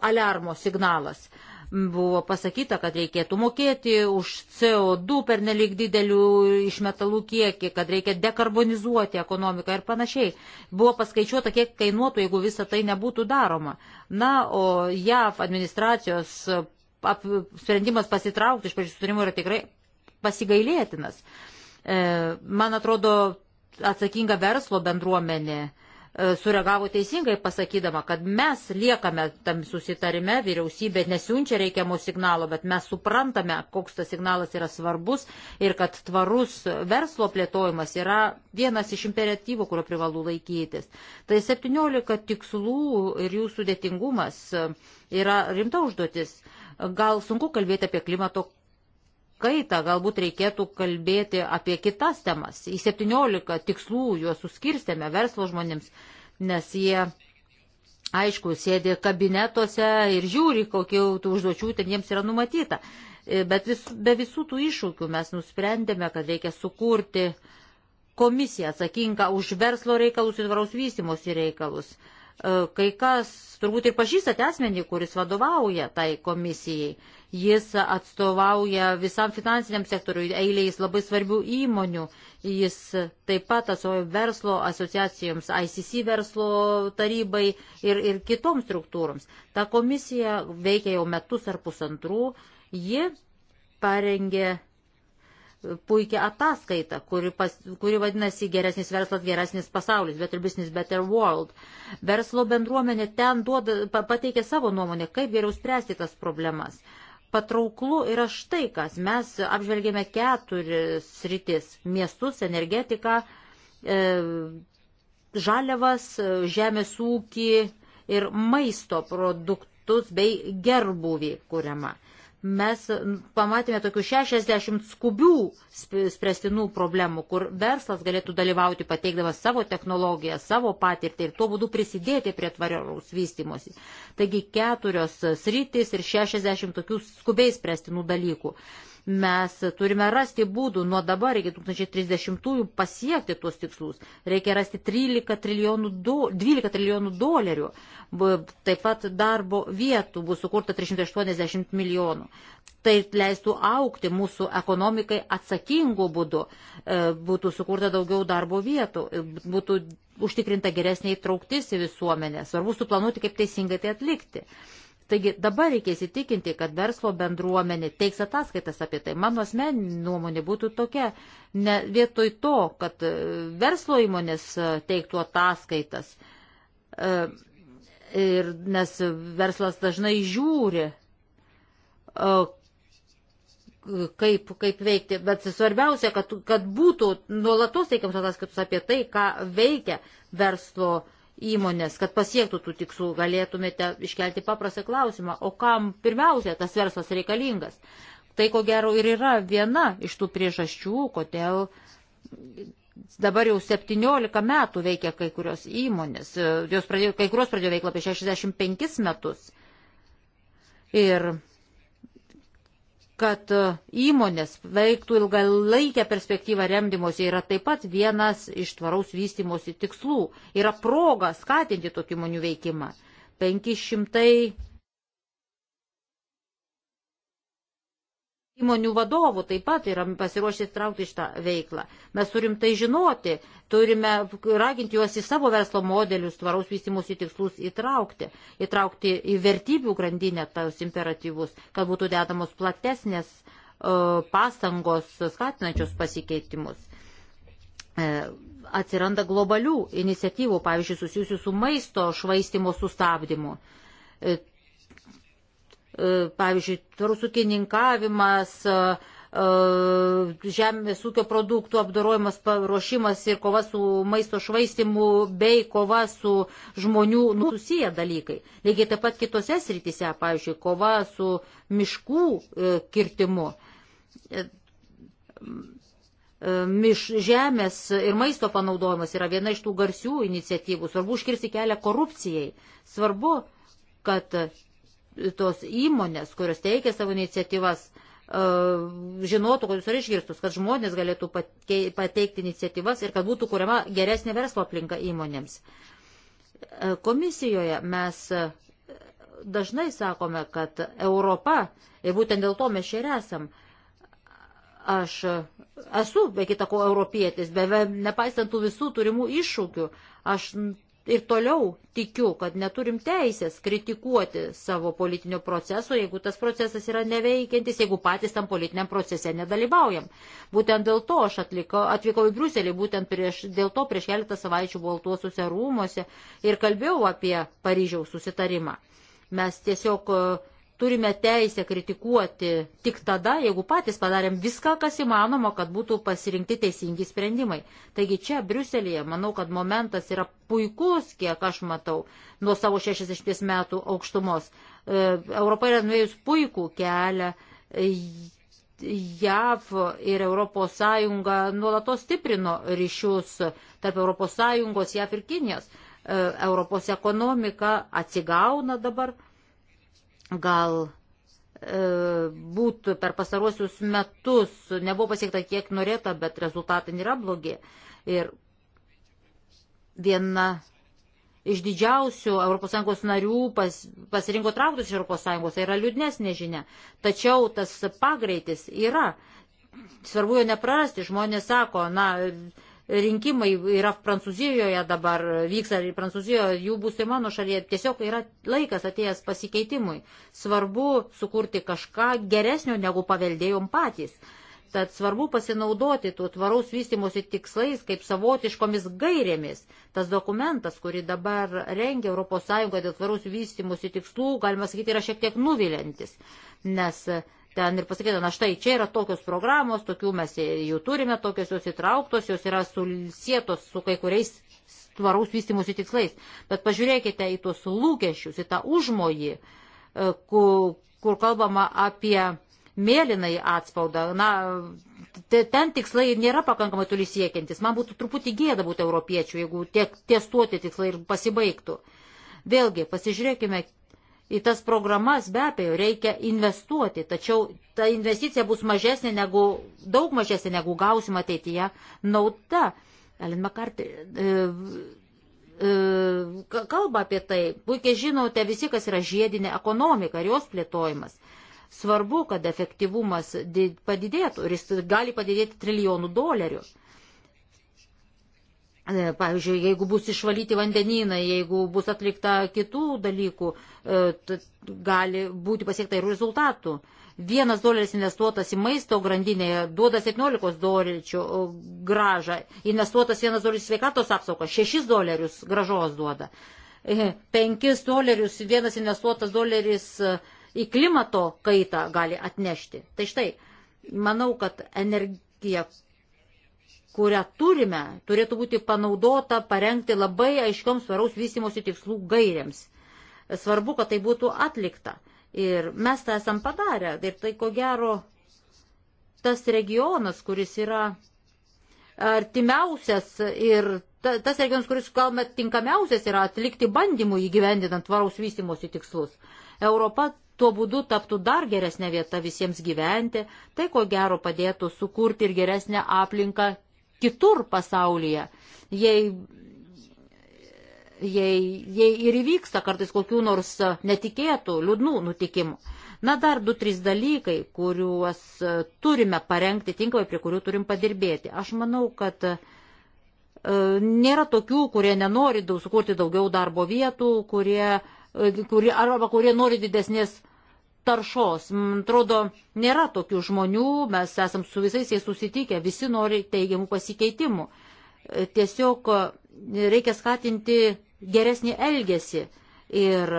alarmo signalas. Buvo pasakyta, kad reikėtų mokėti už CO2 per nelik didelių išmetalų kiekį, kad reikia dekarbonizuoti ekonomiką ir panašiai. Buvo paskaičiuota, kiek kainuotų, jeigu visa tai nebūtų daroma. Na, o JAV administracijos ap, sprendimas pasitraukti iš pačių sutarimų yra tikrai pasigailėtinas. E, man atrodo, atsakinga verslo bendruomenė E, sureagavo teisingai pasakydama, kad mes liekame tam susitarime, vyriausybė nesiunčia reikiamo signalo, bet mes suprantame, koks tas signalas yra svarbus ir kad tvarus verslo plėtojimas yra vienas iš imperatyvų, kurio privalu laikytis. Tai 17 tikslų ir jų sudėtingumas e, yra rimta užduotis. Gal sunku kalbėti apie klimato kaitą, galbūt reikėtų kalbėti apie kitas temas. Į 17 tikslų juos suskirstėme verslo žmonėms, nes jie, aišku, sėdi kabinetuose ir žiūri, kokių tų užduočių ten jiems yra numatyta. E, bet vis, be visų tų iššūkių mes nusprendėme, kad reikia sukurti komisiją atsakinga už verslo reikalus ir tvaraus vystimosi reikalus. E, kai kas turbūt ir pažįstate asmenį, kuris vadovauja tai komisijai Jis atstovauja visam finansiniam sektoriui, eilėjais labai svarbių įmonių. Jis taip pat atstovauja verslo asociacijoms, ICC verslo tarybai ir, ir kitoms struktūroms. Ta komisija veikia jau metus ar pusantrų. Ji parengė puikia ataskaita, kuri, pas, kuri vadinasi Geresnis verslas, geresnis pasaulis, Better Business, Better World. Verslo bendruomenė ten duoda, pateikia savo nuomonę, kaip geriau spręsti tas problemas patrauklu yra štai kas. Mes apžvelgėme keturis sritis - miestus, energetiką, e, žaliavas, žemės ūkį ir maisto produktus bei gerbuvį kuriamą mes pamatėme tokių 60 skubių spręstinų problemų, kur verslas galėtų dalyvauti pateikdamas savo technologiją, savo patirtį ir tuo būdu prisidėti prie tvariaus vystimosi. Taigi keturios sritys ir 60 tokių skubiai spręstinų dalykų. Mes turime rasti būdų nuo dabar iki 2030-ųjų pasiekti tuos tikslus. Reikia rasti 13 trilijonų, do, 12 trilijonų dolerių. Taip pat darbo vietų bus sukurta 380 milijonų. Tai leistų aukti mūsų ekonomikai atsakingų būdų. E, būtų sukurta daugiau darbo vietų. E, būtų užtikrinta geresnė įtrauktis į visuomenę. Svarbu suplanuoti, kaip teisingai tai atlikti. Taigi dabar reikia įsitikinti, kad verslo bendruomenė teiks ataskaitas apie tai. Mano asmeninė nuomonė būtų tokia, ne vietoj to, kad e, verslo įmonės e, teiktų ataskaitas, e, ir, nes verslas dažnai žiūri, kaip, kaip veikti. Bet svarbiausia, kad, kad būtų nuolatos teikiamas ataskaitos apie tai, ką veikia verslo bendruomenė įmonės, kad pasiektų tų tikslų, galėtumėte iškelti paprastą klausimą, o kam pirmiausia tas verslas reikalingas. Tai ko gero ir yra viena iš tų priežasčių, kodėl dabar jau 17 metų veikia kai kurios įmonės, jos pradėjo, kai kurios pradėjo veiklą apie 65 metus. Ir kad e, įmonės veiktų ilgalaikę perspektyvą remdymosi yra taip pat vienas iš tvaraus vystimosi tikslų. Yra proga skatinti tokių įmonių veikimą. 500 Įmonių vadovų taip pat yra pasiruošę įtraukti šitą veiklą. Mes turim tai žinoti, turime raginti juos į savo verslo modelius, tvaraus vystimus į tikslus įtraukti, įtraukti į vertybių grandinę tos imperatyvus, kad būtų dedamos platesnės e, pastangos skatinančios pasikeitimus. E, atsiranda globalių iniciatyvų, pavyzdžiui, susijusių su maisto švaistimo sustabdymu. E, E, pavyzdžiui, tvarus ūkininkavimas, e, e, žemės ūkio produktų apdorojimas, paruošimas ir kova su maisto švaistimu bei kova su žmonių nususiję dalykai. Lygiai taip pat kitose srityse, pavyzdžiui, kova su miškų kirtimu. Miš, žemės ir maisto panaudojimas yra viena iš tų garsių iniciatyvų. Svarbu užkirsti kelią korupcijai. Svarbu, kad tos įmonės, kurios teikia savo iniciatyvas, e, žinotų, kokius ar išgirstus, kad žmonės galėtų pateikti iniciatyvas ir kad būtų kuriama geresnė verslo aplinka įmonėms. E, komisijoje mes e, dažnai sakome, kad Europa, ir būtent dėl to mes čia ir esam, aš esu, be kita ko, europietis, be nepaisant tų visų turimų iššūkių, aš ir toliau tikiu, kad neturim teisės kritikuoti savo politinio proceso, jeigu tas procesas yra neveikiantis, jeigu patys tam politiniam procese nedalyvaujam. Būtent dėl to aš atliko, atvykau į Bruselį, būtent prieš, dėl to prieš keletą savaičių baltuosiuose rūmose ir kalbėjau apie Paryžiaus susitarimą. Mes tiesiog uh, turime teisę kritikuoti tik tada, jeigu patys padarėm viską, kas įmanoma, kad būtų pasirinkti teisingi sprendimai. Taigi čia, Briuselėje, manau, kad momentas yra puikus, kiek aš matau, nuo savo 60 metų aukštumos. E, Europa yra nuėjus puikų kelią. E, JAV ir ES nuolatos stiprino ryšius tarp ES, JAV ir Kinijos. E, Europos ekonomika atsigauna dabar Gal e, būtų per pasaruosius metus nebuvo pasiekta kiek norėta, bet rezultatai nėra blogi. Ir viena iš didžiausių ES narių pas, pasirinko trauktis iš ES, tai yra liūdnesnė žinia. Tačiau tas pagreitis yra. Svarbu jo neprarasti, žmonės sako, na, rinkimai yra Prancūzijoje dabar, vyksta ir Prancūzijoje, jų bus ir mano šalyje, tiesiog yra laikas atėjęs pasikeitimui. Svarbu sukurti kažką geresnio, negu paveldėjom patys. Tad svarbu pasinaudoti tų tvaraus vystimosi tikslais kaip savotiškomis gairėmis. Tas dokumentas, kurį dabar rengia ES dėl tvaraus vystimosi tikslų, galima sakyti, yra šiek tiek nuvilintis, nes ten ir pasakyta, na štai čia yra tokios programos, tokių mes jų turime, tokios jos įtrauktos, jos yra susietos su kai kuriais tvaraus vystimusi tikslais. Bet pažiūrėkite į tuos lūkesčius, į tą užmojį, e, kur, kur kalbama apie mėlynai atspaudą. Na, ten tikslai nėra pakankamai toli siekiantis. Man būtų truputį gėda būti europiečių, jeigu tiek ties tuo tie tikslai ir pasibaigtų. Vėlgi, pasižiūrėkime, į tas programas be abejo reikia investuoti, tačiau ta investicija bus mažesnė negu, daug mažesnė negu gausim ateityje nauda. Elin Makartė e, e, kalba apie tai, puikiai žinote visi, kas yra žiedinė ekonomika ir jos plėtojimas. Svarbu, kad efektyvumas padidėtų ir jis gali padidėti trilijonų dolerių. E, pavyzdžiui, jeigu bus išvalyti vandenynai, jeigu bus atlikta kitų dalykų, e, gali būti pasiekta ir rezultatų. Vienas doleris investuotas į maisto grandinę duoda 17 dolerių e, gražą, investuotas vienas doleris sveikatos apsaugos 6 dolerius gražos duoda. 5 dolerius vienas investuotas doleris į klimato kaitą gali atnešti. Tai štai, manau, kad energija, kurią turime, turėtų būti panaudota parengti labai aiškioms svaraus vystimosi tikslų gairiams. Svarbu, kad tai būtų atlikta. Ir mes tą esam padarę. Ir tai ko gero tas regionas, kuris yra artimiausias ir ta, tas regionas, kuris galbūt tinkamiausias yra atlikti bandymų įgyvendinant tvaraus vystimosi tikslus. Europa tuo būdu taptų dar geresnė vieta visiems gyventi, tai ko gero padėtų sukurti ir geresnę aplinką kitur pasaulyje. Jei, jei, jei ir įvyksta kartais kokių nors netikėtų, liūdnų nutikimų. Na dar du, trys dalykai, kuriuos turime parengti tinkamai, prie kurių turim padirbėti. Aš manau, kad e, nėra tokių, kurie nenori sukurti daugiau darbo vietų, kurie uh, E, kurie, arba kurie nori didesnės taršos. Man atrodo, nėra tokių žmonių, mes esam su visais jais susitikę, visi nori teigiamų pasikeitimų. E, tiesiog e, reikia skatinti geresnį elgesį ir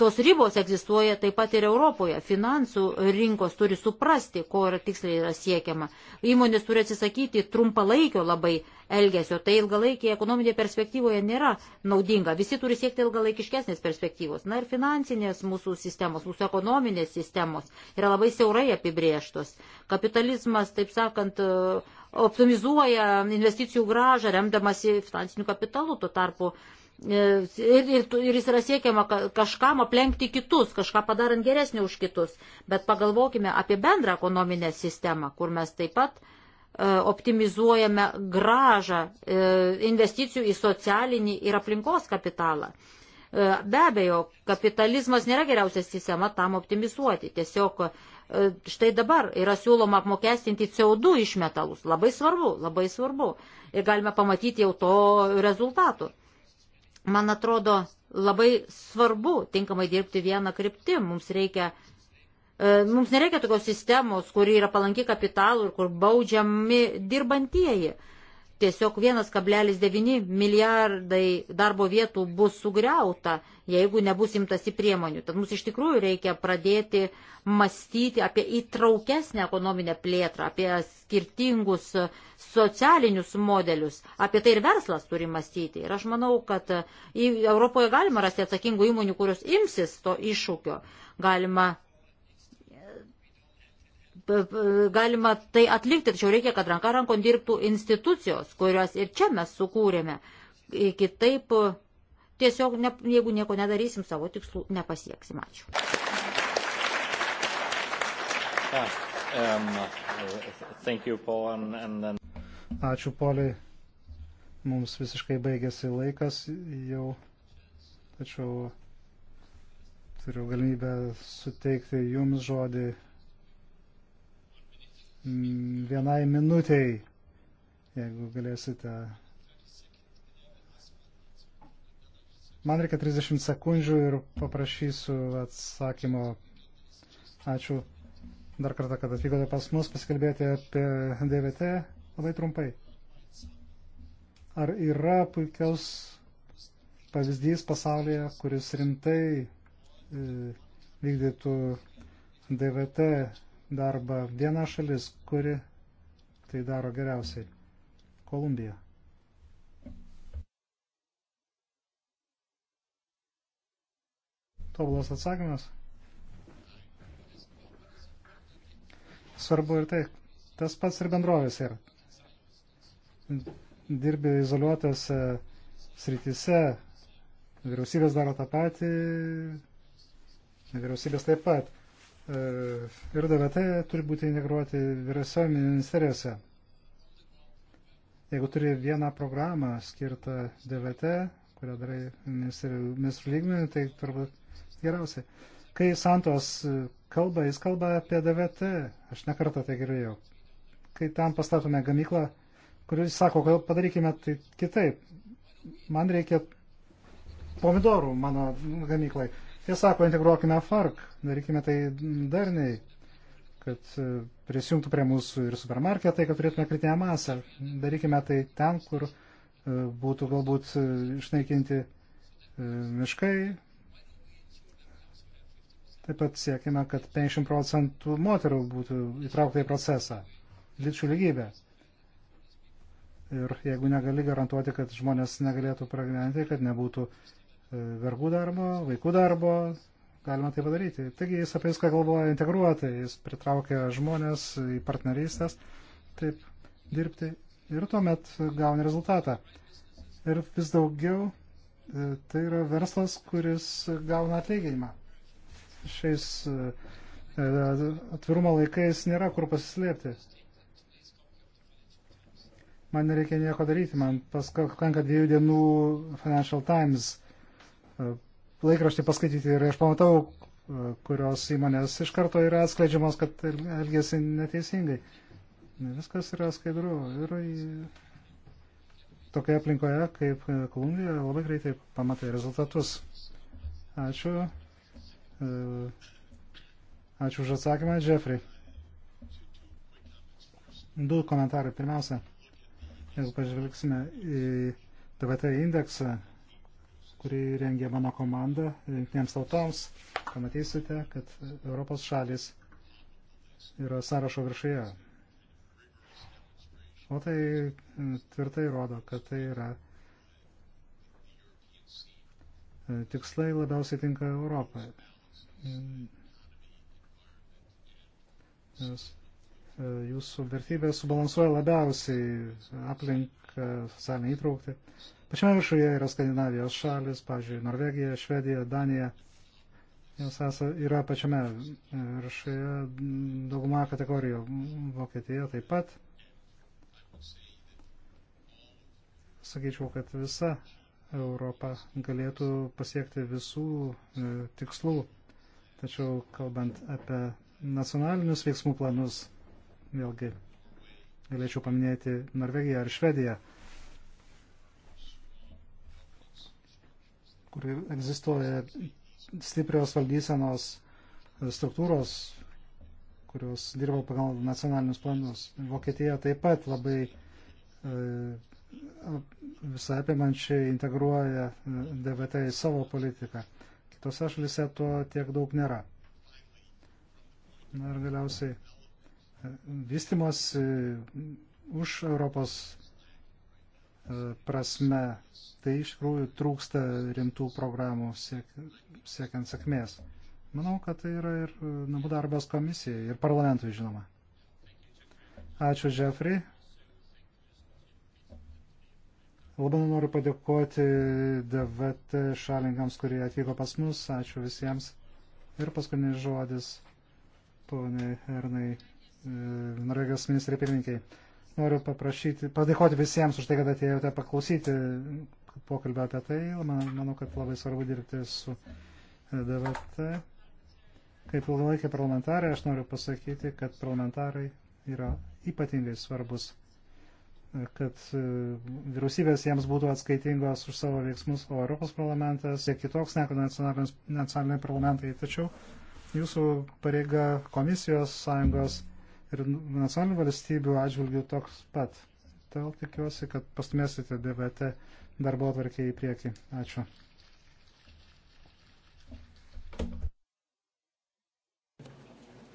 tos ribos egzistuoja taip pat ir Europoje. Finansų rinkos turi suprasti, ko yra tiksliai yra siekiama. Įmonės turi atsisakyti trumpalaikio labai elgesio. Tai ilgalaikėje ekonominėje perspektyvoje nėra naudinga. Visi turi siekti ilgalaikiškesnės perspektyvos. Na ir finansinės mūsų sistemos, mūsų ekonominės sistemos yra labai siaurai apibrieštos. Kapitalizmas, taip sakant, optimizuoja investicijų gražą, remdamasi finansiniu kapitalu. Tuo tarpu E, ir, ir, ir jis yra siekiama kažkam aplenkti kitus, kažką padarant geresnį už kitus. Bet pagalvokime apie bendrą ekonominę sistemą, kur mes taip pat e, optimizuojame gražą e, investicijų į socialinį ir aplinkos kapitalą. Be abejo, kapitalizmas nėra geriausia sistema tam optimizuoti. Tiesiog štai dabar yra siūloma apmokestinti CO2 išmetalus. Labai svarbu, labai svarbu. Ir galime pamatyti jau to rezultatų man atrodo, labai svarbu tinkamai dirbti vieną kryptį. Mums reikia e, Mums nereikia tokios sistemos, kuri yra palanki kapitalų ir kur baudžiami dirbantieji tiesiog 1,9 milijardai darbo vietų bus sugriauta, jeigu nebus imtasi priemonių. Tad mums iš tikrųjų reikia pradėti mąstyti apie įtraukesnę ekonominę plėtrą, apie skirtingus socialinius modelius. Apie tai ir verslas turi mąstyti. Ir aš manau, kad Europoje galima rasti atsakingų įmonių, kurios imsis to iššūkio. Galima galima tai atlikti, tačiau reikia, kad ranka rankon dirbtų institucijos, kurios ir čia mes sukūrėme. Kitaip tiesiog, ne, jeigu nieko nedarysim, savo tikslų nepasieksim. Ačiū. Ah, um, Ačiū, Poliai. Mums visiškai baigėsi laikas jau, tačiau turiu galimybę suteikti jums žodį Mm, vienai minutiai, jeigu galėsite. Man reikia 30 sekundžių ir paprašysiu atsakymo. Ačiū dar kartą, kad atvykote pas mus pasikalbėti apie DVT labai trumpai. Ar yra puikiaus pavyzdys pasaulyje, kuris rimtai e, vykdytų DVT darbą viena šalis, kuri tai daro geriausiai - Kolumbija. Tobulas atsakymas. Svarbu ir tai, tas pats ir bendrovės yra. Dirbi izoliuotose srityse, vyriausybės daro tą patį, vyriausybės taip pat E, ir DVT tai turi būti integruoti vyriose ministerijose. Jeigu turi vieną programą skirtą DVT, kurią darai ministrų lygmenį, tai turbūt geriausiai. Kai Santos kalba, jis kalba apie DVT, aš nekartą tai girdėjau. Kai tam pastatome gamyklą, kuris sako, kodėl padarykime tai kitaip. Man reikia pomidorų mano gamyklai. Jie sako, integruokime FARC, darykime tai darniai, kad e, prisijungtų prie mūsų ir supermarketai, kad turėtume kritinę masę. Darykime tai ten, kur e, būtų galbūt e, išnaikinti miškai. Taip pat siekime, kad 50 procentų moterų būtų įtraukta į procesą. Lyčių lygybė. Ir jeigu negali garantuoti, kad žmonės negalėtų pragyventi, kad nebūtų uh, E, vergų darbo, vaikų darbo, galima tai padaryti. Taigi jis apie viską galvoja integruotai, jis pritraukia žmonės į partnerystės, taip dirbti ir tuomet gauni rezultatą. Ir vis daugiau e, tai yra verslas, kuris gauna atlyginimą. Šiais e, atvirumo laikais nėra kur pasislėpti. Man nereikia nieko daryti, man pakanka dviejų dienų Financial Times laikraštį paskaityti ir aš pamatau, kurios įmonės iš karto yra atskleidžiamos, kad elgesi neteisingai. Viskas yra skaidru ir tokioje aplinkoje kaip Kolumbijoje labai greitai pamatai rezultatus. Ačiū. E, ačiū už atsakymą, Jeffrey. Du komentarai. Pirmiausia, jeigu pažvelgsime į TVT indeksą, kurį rengė mano komanda jungtinėms tautoms, pamatysite, kad Europos šalis yra sąrašo viršuje. O tai e, tvirtai rodo, kad tai yra e, tikslai labiausiai tinka Europai. Nes e, jūsų vertybės subalansuoja labiausiai aplinką, socialinį įtraukti. Pačiame viršuje yra Skandinavijos šalis, pavyzdžiui, Norvegija, Švedija, Danija. Jos esą yra pačiame e, viršuje dauguma kategorijų. Vokietija taip pat. Sakyčiau, kad visa Europa galėtų pasiekti visų e, tikslų. Tačiau kalbant apie nacionalinius veiksmų planus, vėlgi galėčiau paminėti Norvegiją ar Švediją. kur egzistuoja stiprios valdysenos struktūros, kurios dirba pagal nacionalinius planus. Vokietija taip pat labai e, visai apimančiai integruoja e, DVT į savo politiką. Kitose šalise to tiek daug nėra. Na ir galiausiai e, vystimas už Europos prasme. Tai iš tikrųjų trūksta rimtų programų siek, siekiant sėkmės. Manau, kad tai yra ir e, namų darbas komisijai ir parlamentui, žinoma. Ačiū, Jeffrey. Labai noriu padėkoti DVT šalininkams, kurie atvyko pas mus. Ačiū visiems. Ir paskutinis žodis, poniai Ernai, e, Norvegijos ministrė pirmininkiai. Noriu paprašyti, padėkoti visiems už tai, kad atėjote paklausyti pokalbio apie tai. Man, manau, kad labai svarbu dirbti su e, DVT. Kaip ilgalaikė parlamentarė, aš noriu pasakyti, kad parlamentarai yra ypatingai svarbus, e, kad e, vyriausybės jiems būtų atskaitingos už savo veiksmus, o Europos parlamentas, tiek kitoks negu nacionaliniai parlamentai. Tačiau jūsų pareiga komisijos sąjungos. Mm ir nacionalinių valstybių atžvilgių toks pat. Todėl tikiuosi, kad pastumėsite DVT darbo atvarkiai į priekį. Ačiū.